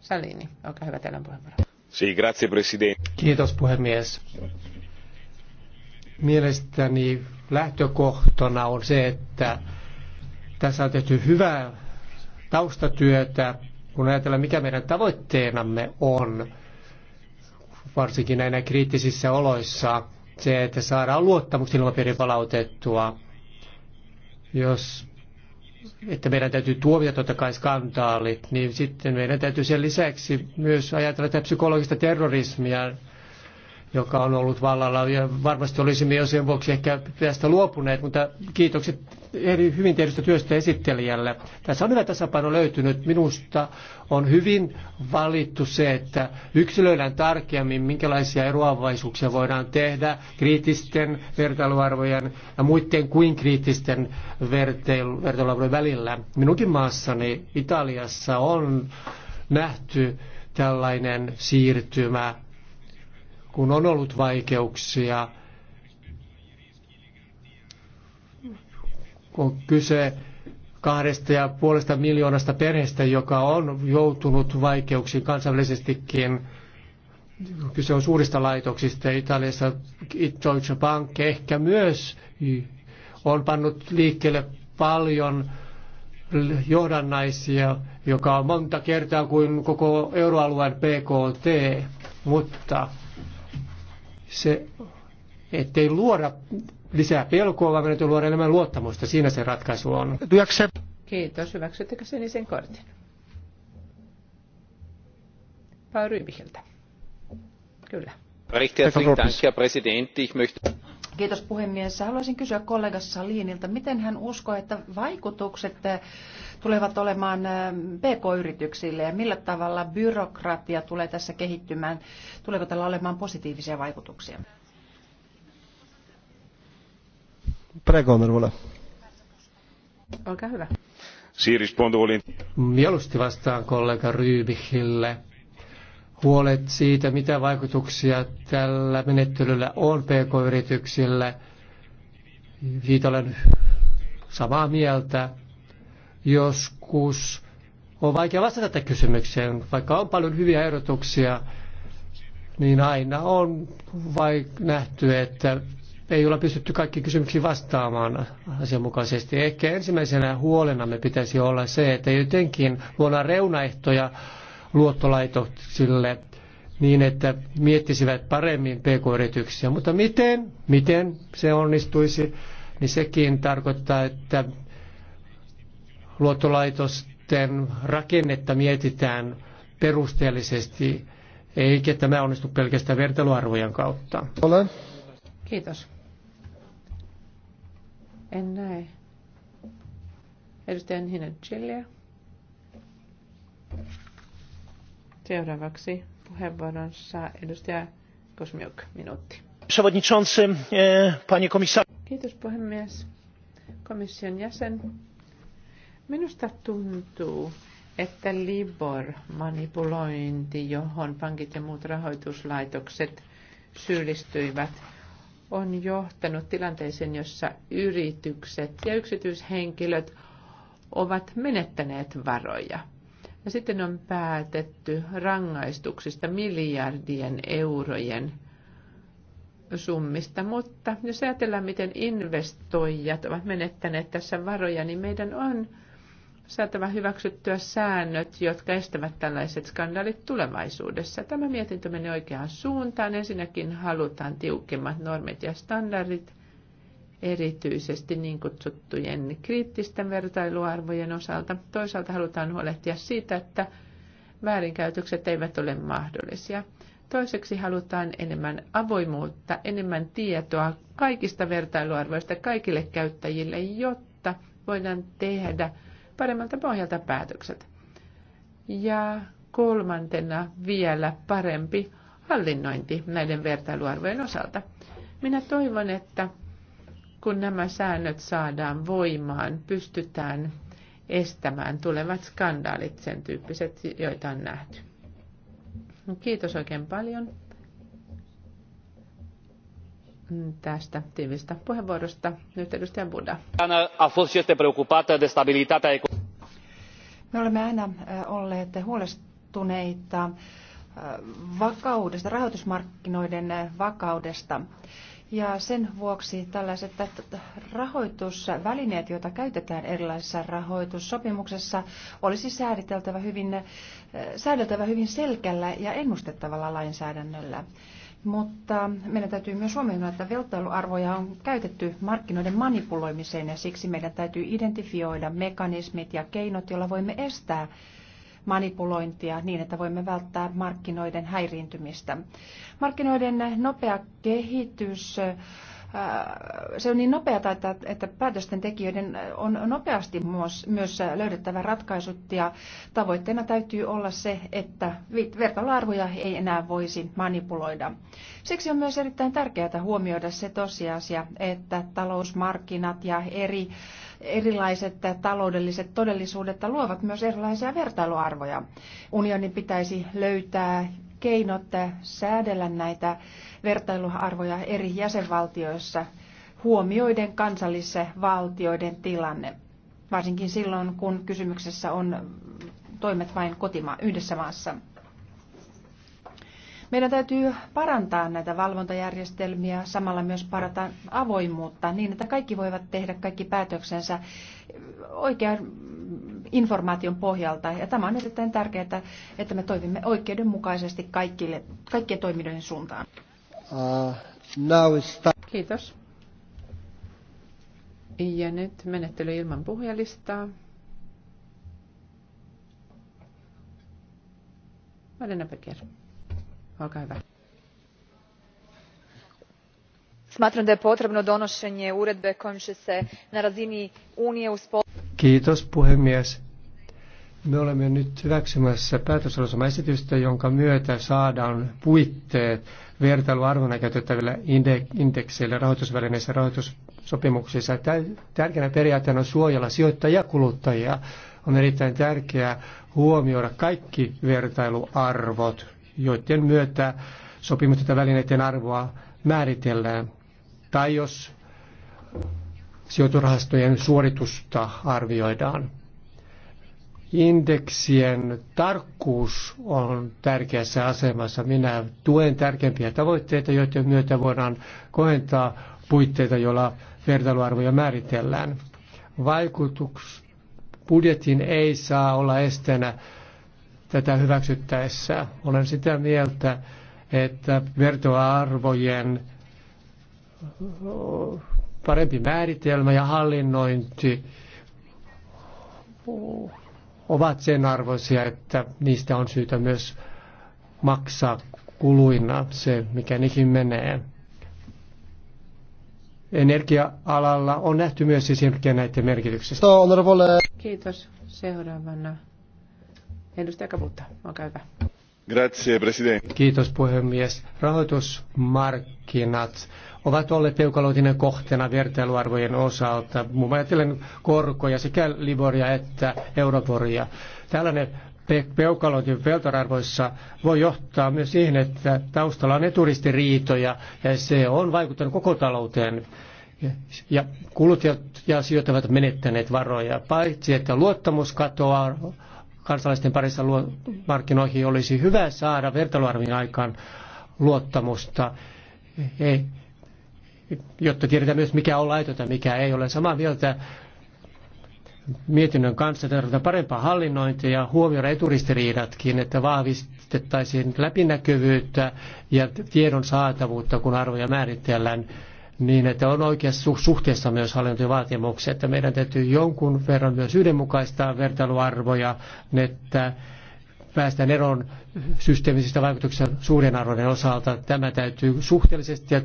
Salini, olkaa hyvä, teillä on puheenvuoro. Kiitos puhemies. Mielestäni lähtökohtana on se, että tässä on tehty hyvää taustatyötä, kun ajatellaan mikä meidän tavoitteenamme on, varsinkin näinä kriittisissä oloissa, se, että saadaan luottamuksen palautettua. Jos että meidän täytyy tuomita totta kai skandaali, niin sitten meidän täytyy sen lisäksi myös ajatella tätä psykologista terrorismia, joka on ollut vallalla. Ja varmasti olisimme jo sen vuoksi ehkä tästä luopuneet, mutta kiitokset eri hyvin tehdystä työstä esittelijälle. Tässä on hyvä tasapaino löytynyt. Minusta on hyvin valittu se, että yksilöidään tarkemmin, minkälaisia eroavaisuuksia voidaan tehdä kriittisten vertailuarvojen ja muiden kuin kriittisten vertailuarvojen välillä. Minunkin maassani Italiassa on nähty tällainen siirtymä kun on ollut vaikeuksia, kun on kyse kahdesta ja puolesta miljoonasta perheestä, joka on joutunut vaikeuksiin kansainvälisestikin. Kyse on suurista laitoksista Italiassa. Deutsche Bank ehkä myös on pannut liikkeelle paljon johdannaisia, joka on monta kertaa kuin koko euroalueen PKT, mutta se, ettei luoda lisää pelkoa, vaan täytyy luoda enemmän luottamusta. Siinä se ratkaisu on. Kiitos. Hyväksyttekö sen kortin? Paul Rybihiltä. Kyllä. Herr Präsident, ich möchte... Kiitos puhemies. Haluaisin kysyä kollega Salinilta, miten hän uskoo, että vaikutukset eh, tulevat olemaan eh, PK-yrityksille ja millä tavalla byrokratia tulee tässä kehittymään? Tuleeko tällä olemaan positiivisia vaikutuksia? Prego, ole Olkaa hyvä. Siirispontuulin. Mieluusti vastaan kollega Ryybihille huolet siitä, mitä vaikutuksia tällä menettelyllä on pk-yrityksille. Siitä olen samaa mieltä. Joskus on vaikea vastata tätä kysymykseen, vaikka on paljon hyviä ehdotuksia, niin aina on vaik- nähty, että ei olla pystytty kaikki kysymyksiin vastaamaan asianmukaisesti. Ehkä ensimmäisenä huolenamme pitäisi olla se, että jotenkin luodaan reunaehtoja luottolaitoksille niin, että miettisivät paremmin pk-yrityksiä. Mutta miten, miten se onnistuisi, niin sekin tarkoittaa, että luottolaitosten rakennetta mietitään perusteellisesti, eikä tämä onnistu pelkästään vertailuarvojen kautta. Olen. Kiitos. En näe. Edustajan Hinen Chiliä. Seuraavaksi puheenvuoron saa edustaja Kosmiuk, minuutti. Przewodniczący, e, panie komisarzu. Kiitos puhemies. Komission jäsen. Minusta tuntuu, että Libor-manipulointi, johon pankit ja muut rahoituslaitokset syyllistyivät, on johtanut tilanteeseen, jossa yritykset ja yksityishenkilöt ovat menettäneet varoja. Ja sitten on päätetty rangaistuksista miljardien eurojen summista, mutta jos ajatellaan, miten investoijat ovat menettäneet tässä varoja, niin meidän on saatava hyväksyttyä säännöt, jotka estävät tällaiset skandaalit tulevaisuudessa. Tämä mietintö menee oikeaan suuntaan. Ensinnäkin halutaan tiukemmat normit ja standardit erityisesti niin kutsuttujen kriittisten vertailuarvojen osalta. Toisaalta halutaan huolehtia siitä, että väärinkäytökset eivät ole mahdollisia. Toiseksi halutaan enemmän avoimuutta, enemmän tietoa kaikista vertailuarvoista kaikille käyttäjille, jotta voidaan tehdä paremmalta pohjalta päätökset. Ja kolmantena vielä parempi hallinnointi näiden vertailuarvojen osalta. Minä toivon, että kun nämä säännöt saadaan voimaan, pystytään estämään tulevat skandaalit, sen tyyppiset, joita on nähty. Kiitos oikein paljon tästä tiivistä puheenvuorosta. Nyt edustaja Buda. Me olemme aina olleet huolestuneita vakaudesta, rahoitusmarkkinoiden vakaudesta. Ja sen vuoksi tällaiset rahoitusvälineet, joita käytetään erilaisissa rahoitussopimuksessa, olisi äh, säädeltävä hyvin, säädeltävä hyvin selkällä ja ennustettavalla lainsäädännöllä. Mutta meidän täytyy myös huomioida, että veltailuarvoja on käytetty markkinoiden manipuloimiseen ja siksi meidän täytyy identifioida mekanismit ja keinot, joilla voimme estää manipulointia niin, että voimme välttää markkinoiden häiriintymistä. Markkinoiden nopea kehitys se on niin nopeata, että, että päätösten tekijöiden on nopeasti myös löydettävä ratkaisut ja tavoitteena täytyy olla se, että vertailuarvoja ei enää voisi manipuloida. Siksi on myös erittäin tärkeää huomioida se tosiasia, että talousmarkkinat ja eri erilaiset taloudelliset todellisuudet luovat myös erilaisia vertailuarvoja. Unionin pitäisi löytää keinot säädellä näitä vertailuarvoja eri jäsenvaltioissa huomioiden kansallisen valtioiden tilanne, varsinkin silloin, kun kysymyksessä on toimet vain kotima yhdessä maassa. Meidän täytyy parantaa näitä valvontajärjestelmiä, samalla myös parata avoimuutta niin, että kaikki voivat tehdä kaikki päätöksensä oikean informaation pohjalta. Ja tämä on erittäin tärkeää, että me toimimme oikeudenmukaisesti kaikille, kaikkien toimijoiden suuntaan. Uh, Kiitos. Ja nyt menettely ilman puhujalistaa. Marina Becker, olkaa hyvä. Smatram da je potrebno donošenje uredbe kojom će se na razini Unije uspostaviti Kiitos puhemies. Me olemme nyt hyväksymässä esitystä, jonka myötä saadaan puitteet vertailuarvona käytettävillä indekseillä rahoitusvälineissä rahoitussopimuksissa. Tärkeänä periaatteena on suojella sijoittajia ja kuluttajia. On erittäin tärkeää huomioida kaikki vertailuarvot, joiden myötä sopimusten ja välineiden arvoa määritellään. Tai jos sijoiturahastojen suoritusta arvioidaan. Indeksien tarkkuus on tärkeässä asemassa. Minä tuen tärkeimpiä tavoitteita, joiden myötä voidaan kohentaa puitteita, joilla vertailuarvoja määritellään. Vaikutus budjetin ei saa olla estenä tätä hyväksyttäessä. Olen sitä mieltä, että vertoarvojen parempi määritelmä ja hallinnointi ovat sen arvoisia, että niistä on syytä myös maksaa kuluina se, mikä niihin menee. Energia-alalla on nähty myös esimerkkejä näiden merkityksestä. Kiitos. Seuraavana edustaja Kaputta. olkaa hyvä. Kiitos puhemies. Rahoitusmarkkinat ovat olleet peukaloitinen kohteena vertailuarvojen osalta, muun muassa korkoja sekä Liboria että Euroboria. Tällainen peukalointi veltorarvoissa voi johtaa myös siihen, että taustalla on eturistiriitoja ja se on vaikuttanut koko talouteen. Ja kuluttajat ja sijoittajat menettäneet varoja, paitsi että luottamus katoaa kansalaisten parissa markkinoihin olisi hyvä saada vertailuarvin aikaan luottamusta, ei, jotta tiedetään myös mikä on laitonta, mikä ei ole. Samaa mieltä mietinnön kanssa tarvitaan parempaa hallinnointia ja huomioida eturistiriidatkin, että vahvistettaisiin läpinäkyvyyttä ja tiedon saatavuutta, kun arvoja määritellään niin, että on oikeassa suhteessa myös hallintojen vaatimuksia, että meidän täytyy jonkun verran myös yhdenmukaistaa vertailuarvoja, että päästään eroon systeemisistä vaikutuksista suuren arvojen osalta. Tämä täytyy suhteellisesti ja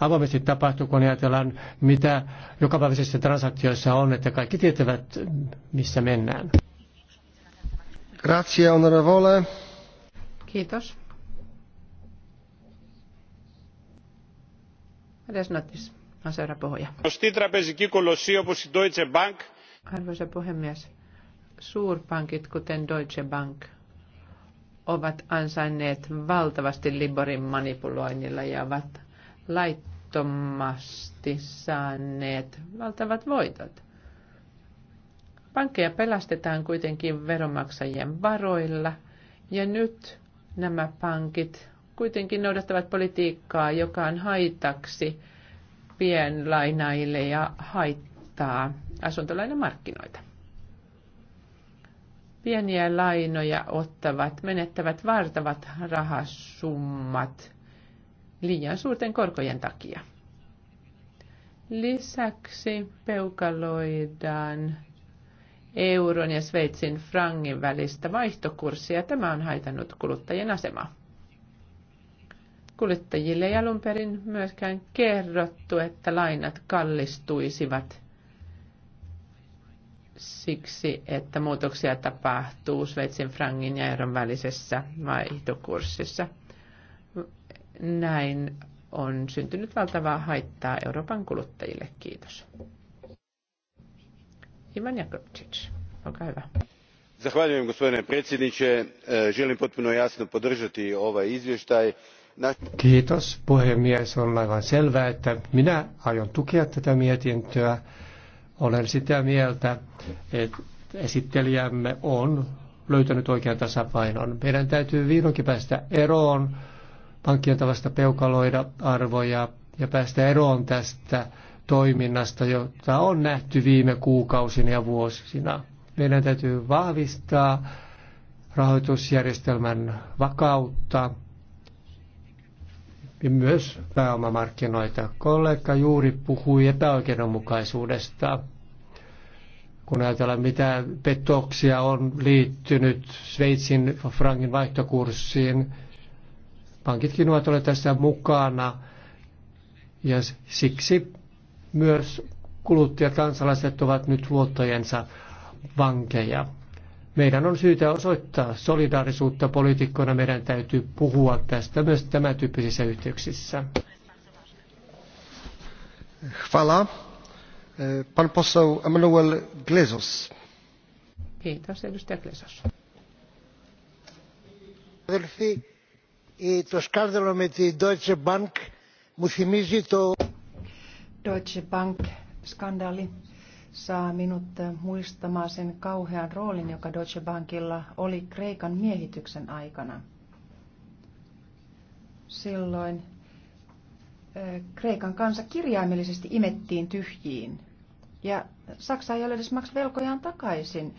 avoimesti tapahtua, kun ajatellaan, mitä jokapäiväisissä transaktioissa on, että kaikki tietävät, missä mennään. Grazie, onorevole. Kiitos. Desnotis on Arvoisa puhemies, suurpankit kuten Deutsche Bank ovat ansainneet valtavasti Liborin manipuloinnilla ja ovat laittomasti saaneet valtavat voitot. Pankkeja pelastetaan kuitenkin veronmaksajien varoilla ja nyt nämä pankit kuitenkin noudattavat politiikkaa, joka on haitaksi pienlainaille ja haittaa asuntolainamarkkinoita. Pieniä lainoja ottavat menettävät vartavat rahasummat liian suurten korkojen takia. Lisäksi peukaloidaan euron ja Sveitsin frangin välistä vaihtokurssia. Tämä on haitannut kuluttajien asemaa kuluttajille ei alun perin myöskään kerrottu, että lainat kallistuisivat siksi, että muutoksia tapahtuu Sveitsin frangin ja euron välisessä vaihtokurssissa. Näin on syntynyt valtavaa haittaa Euroopan kuluttajille. Kiitos. Ivan Jakobčić, olkaa hyvä. Zahvaljujem gospodine predsjedniče. Želim potpuno jasno podržati ovaj izvještaj Kiitos puhemies. On aivan selvää, että minä aion tukea tätä mietintöä. Olen sitä mieltä, että esittelijämme on löytänyt oikean tasapainon. Meidän täytyy vihdoinkin päästä eroon pankkien tavasta peukaloida arvoja ja päästä eroon tästä toiminnasta, jota on nähty viime kuukausina ja vuosina. Meidän täytyy vahvistaa rahoitusjärjestelmän vakautta, ja myös pääomamarkkinoita. Kollega juuri puhui epäoikeudenmukaisuudesta, kun ajatellaan mitä petoksia on liittynyt Sveitsin frankin vaihtokurssiin. Pankitkin ovat olleet tässä mukana ja siksi myös kuluttajat kansalaiset ovat nyt luottojensa vankeja. Meidän on syytä osoittaa solidaarisuutta poliitikkoina. Meidän täytyy puhua tästä myös tämän tyyppisissä yhteyksissä. Hvala. E, pan poseł Emanuel Glezos. Kiitos, edustaja Glezos. Αδελφοί, το σκάνδαλο με τη Deutsche Bank μου θυμίζει το... Deutsche Bank σκάνδαλι saa minut muistamaan sen kauhean roolin, joka Deutsche Bankilla oli Kreikan miehityksen aikana. Silloin Kreikan kansa kirjaimellisesti imettiin tyhjiin. Ja Saksa ei ole edes maksa velkojaan takaisin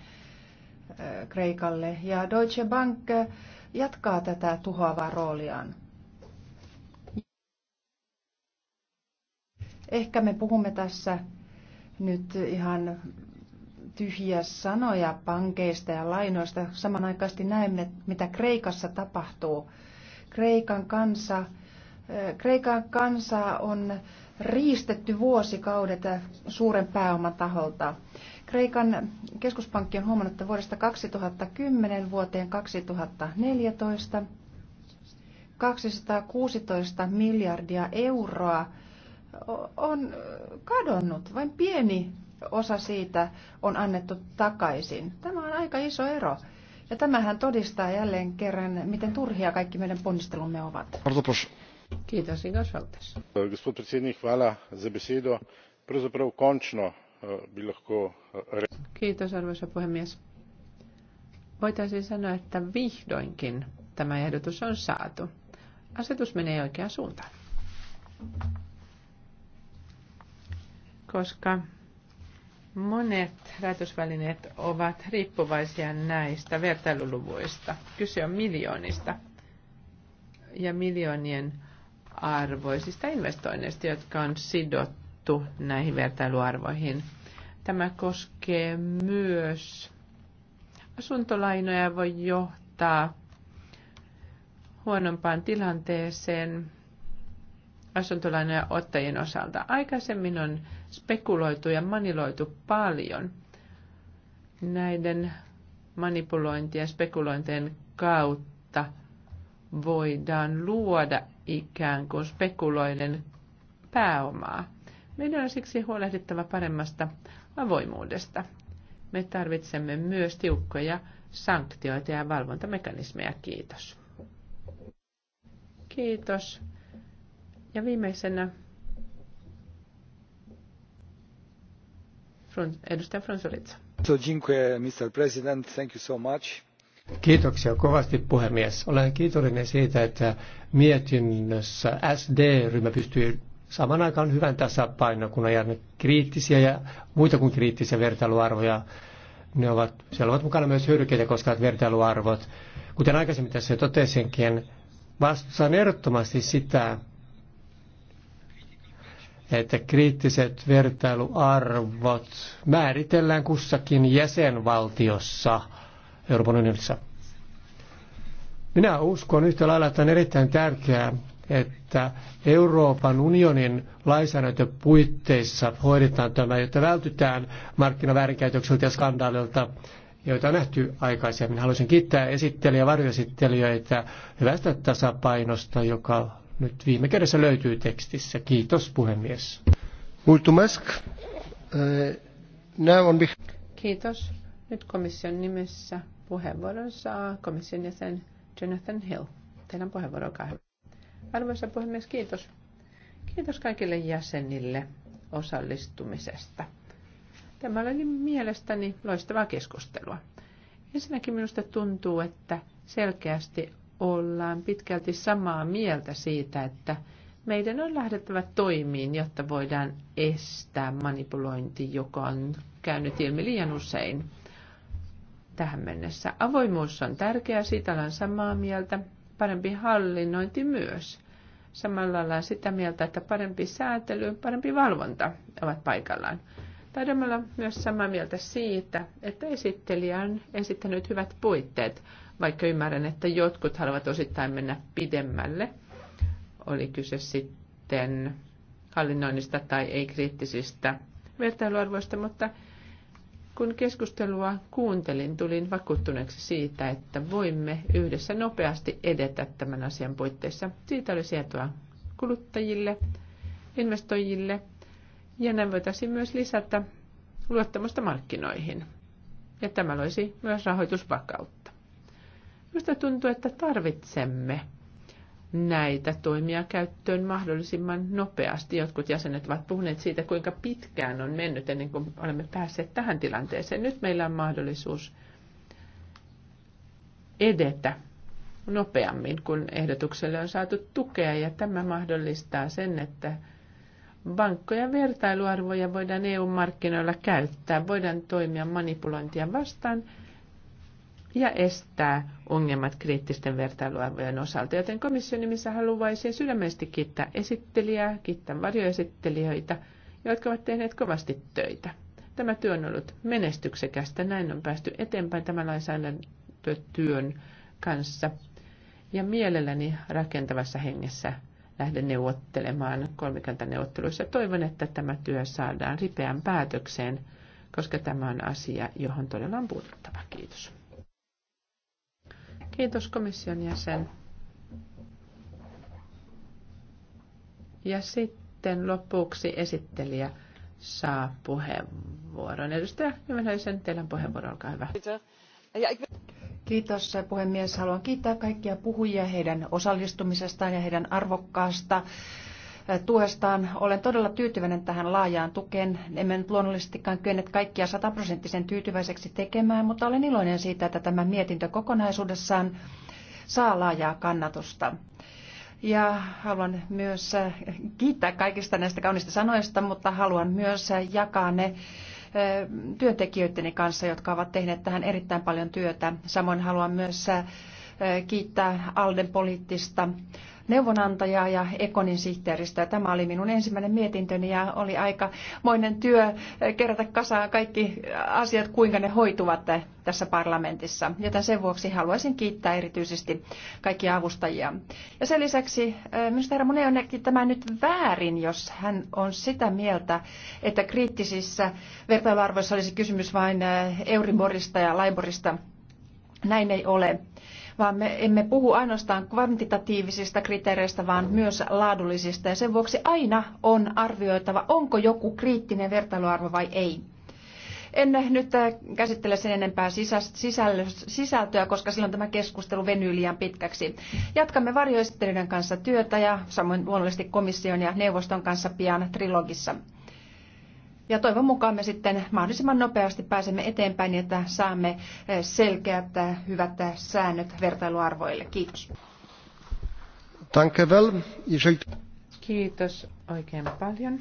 Kreikalle. Ja Deutsche Bank jatkaa tätä tuhoavaa rooliaan. Ehkä me puhumme tässä nyt ihan tyhjiä sanoja pankeista ja lainoista. Samanaikaisesti näemme, mitä Kreikassa tapahtuu. Kreikan kansa, eh, Kreikan kansa on riistetty vuosikaudet suuren pääoman taholta. Kreikan keskuspankki on huomannut, että vuodesta 2010 vuoteen 2014 216 miljardia euroa on kadonnut. Vain pieni osa siitä on annettu takaisin. Tämä on aika iso ero. Ja tämähän todistaa jälleen kerran, miten turhia kaikki meidän ponnistelumme ovat. Kiitos, Inga Šoltes. E, gospod predsednik, hvala za besedo. Pravzaprav končno e, bi lahko... E, Kiitos, arvoisa puhemies. Voitaisiin sanoa, että vihdoinkin tämä ehdotus on saatu. Asetus menee oikeaan suuntaan koska monet rajoitusvälineet ovat riippuvaisia näistä vertailuluvuista. Kyse on miljoonista ja miljoonien arvoisista investoinneista, jotka on sidottu näihin vertailuarvoihin. Tämä koskee myös asuntolainoja voi johtaa huonompaan tilanteeseen asuntolainoja ottajien osalta. Aikaisemmin on spekuloitu ja maniloitu paljon näiden manipulointien ja spekulointien kautta voidaan luoda ikään kuin spekuloiden pääomaa. Meidän on siksi huolehdittava paremmasta avoimuudesta. Me tarvitsemme myös tiukkoja sanktioita ja valvontamekanismeja. Kiitos. Kiitos. Ja viimeisenä edustaja Frunzulitsa. So, Mr. President. Thank you so much. Kiitoksia kovasti puhemies. Olen kiitollinen siitä, että mietinnössä SD-ryhmä pystyy saman aikaan hyvän tasapainon, kun ajan kriittisiä ja muita kuin kriittisiä vertailuarvoja. Ne ovat, siellä ovat mukana myös hyödykkeitä koskevat vertailuarvot. Kuten aikaisemmin tässä totesinkin, vastustan ehdottomasti sitä, että kriittiset vertailuarvot määritellään kussakin jäsenvaltiossa Euroopan unionissa. Minä uskon yhtä lailla, että on erittäin tärkeää, että Euroopan unionin lainsäädäntöpuitteissa hoidetaan tämä, jotta vältytään markkinaväärinkäytöksiltä ja skandaalilta, joita on nähty aikaisemmin. Haluaisin kiittää esittelijä ja varjoesittelijöitä hyvästä tasapainosta, joka nyt viime kädessä löytyy tekstissä. Kiitos puhemies. Multumask. Kiitos. Nyt komission nimessä puheenvuoron saa komission jäsen Jonathan Hill. Teidän puheenvuoro, olkaa hyvä. Arvoisa puhemies, kiitos. Kiitos kaikille jäsenille osallistumisesta. Tämä oli mielestäni loistavaa keskustelua. Ensinnäkin minusta tuntuu, että selkeästi ollaan pitkälti samaa mieltä siitä, että meidän on lähdettävä toimiin, jotta voidaan estää manipulointi, joka on käynyt ilmi liian usein tähän mennessä. Avoimuus on tärkeää, siitä ollaan samaa mieltä. Parempi hallinnointi myös. Samalla ollaan sitä mieltä, että parempi säätely, parempi valvonta ovat paikallaan. Taidamme olla myös samaa mieltä siitä, että esittelijä on esittänyt hyvät puitteet vaikka ymmärrän, että jotkut haluavat osittain mennä pidemmälle, oli kyse sitten hallinnoinnista tai ei-kriittisistä vertailuarvoista, mutta kun keskustelua kuuntelin, tulin vakuuttuneeksi siitä, että voimme yhdessä nopeasti edetä tämän asian puitteissa. Siitä oli sietoa kuluttajille, investoijille ja näin voitaisiin myös lisätä luottamusta markkinoihin. Ja tämä loisi myös rahoitusvakautta. Minusta tuntuu, että tarvitsemme näitä toimia käyttöön mahdollisimman nopeasti. Jotkut jäsenet ovat puhuneet siitä, kuinka pitkään on mennyt ennen kuin olemme päässeet tähän tilanteeseen. Nyt meillä on mahdollisuus edetä nopeammin, kun ehdotukselle on saatu tukea ja tämä mahdollistaa sen, että vankkoja vertailuarvoja voidaan EU-markkinoilla käyttää, voidaan toimia manipulointia vastaan – ja estää ongelmat kriittisten vertailuarvojen osalta. Joten komission nimissä haluaisin sydämellisesti kiittää esittelijää, kiittää varjoesittelijöitä, jotka ovat tehneet kovasti töitä. Tämä työ on ollut menestyksekästä, näin on päästy eteenpäin tämän lainsäädäntötyön kanssa. Ja mielelläni rakentavassa hengessä lähden neuvottelemaan kolmikantaneuvotteluissa. Toivon, että tämä työ saadaan ripeään päätökseen, koska tämä on asia, johon todella on puututtava. Kiitos. Kiitos komission jäsen. Ja sitten lopuksi esittelijä saa puheenvuoron. Edustaja teillä on puheenvuoro, olkaa hyvä. Kiitos puhemies. Haluan kiittää kaikkia puhujia heidän osallistumisestaan ja heidän arvokkaasta tuestaan. Olen todella tyytyväinen tähän laajaan tukeen. Emme nyt luonnollisestikaan kyenneet kaikkia sataprosenttisen tyytyväiseksi tekemään, mutta olen iloinen siitä, että tämä mietintö kokonaisuudessaan saa laajaa kannatusta. Ja haluan myös kiittää kaikista näistä kaunista sanoista, mutta haluan myös jakaa ne työntekijöideni kanssa, jotka ovat tehneet tähän erittäin paljon työtä. Samoin haluan myös kiittää Alden poliittista neuvonantajaa ja Ekonin sihteeristöä. Tämä oli minun ensimmäinen mietintöni ja oli aika moinen työ kerätä kasaan kaikki asiat, kuinka ne hoituvat tässä parlamentissa. Joten sen vuoksi haluaisin kiittää erityisesti kaikkia avustajia. Ja sen lisäksi eh, minusta herra Mone on tämä nyt väärin, jos hän on sitä mieltä, että kriittisissä vertailuarvoissa olisi kysymys vain eh, Euriborista ja Laiborista. Näin ei ole vaan me emme puhu ainoastaan kvantitatiivisista kriteereistä, vaan myös laadullisista. Ja sen vuoksi aina on arvioitava, onko joku kriittinen vertailuarvo vai ei. En nyt äh, käsittele sen enempää sisältöä, koska silloin tämä keskustelu venyy liian pitkäksi. Jatkamme varjoesittelijöiden kanssa työtä ja samoin luonnollisesti komission ja neuvoston kanssa pian trilogissa. Ja toivon mukaan me sitten mahdollisimman nopeasti pääsemme eteenpäin, että saamme eh, selkeät, eh, hyvät eh, säännöt vertailuarvoille. Kiitos. Kiitos oikein paljon.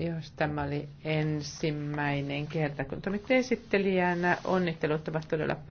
Jos tämä oli ensimmäinen kerta, kun toimitte esittelijänä, onnittelut ovat todella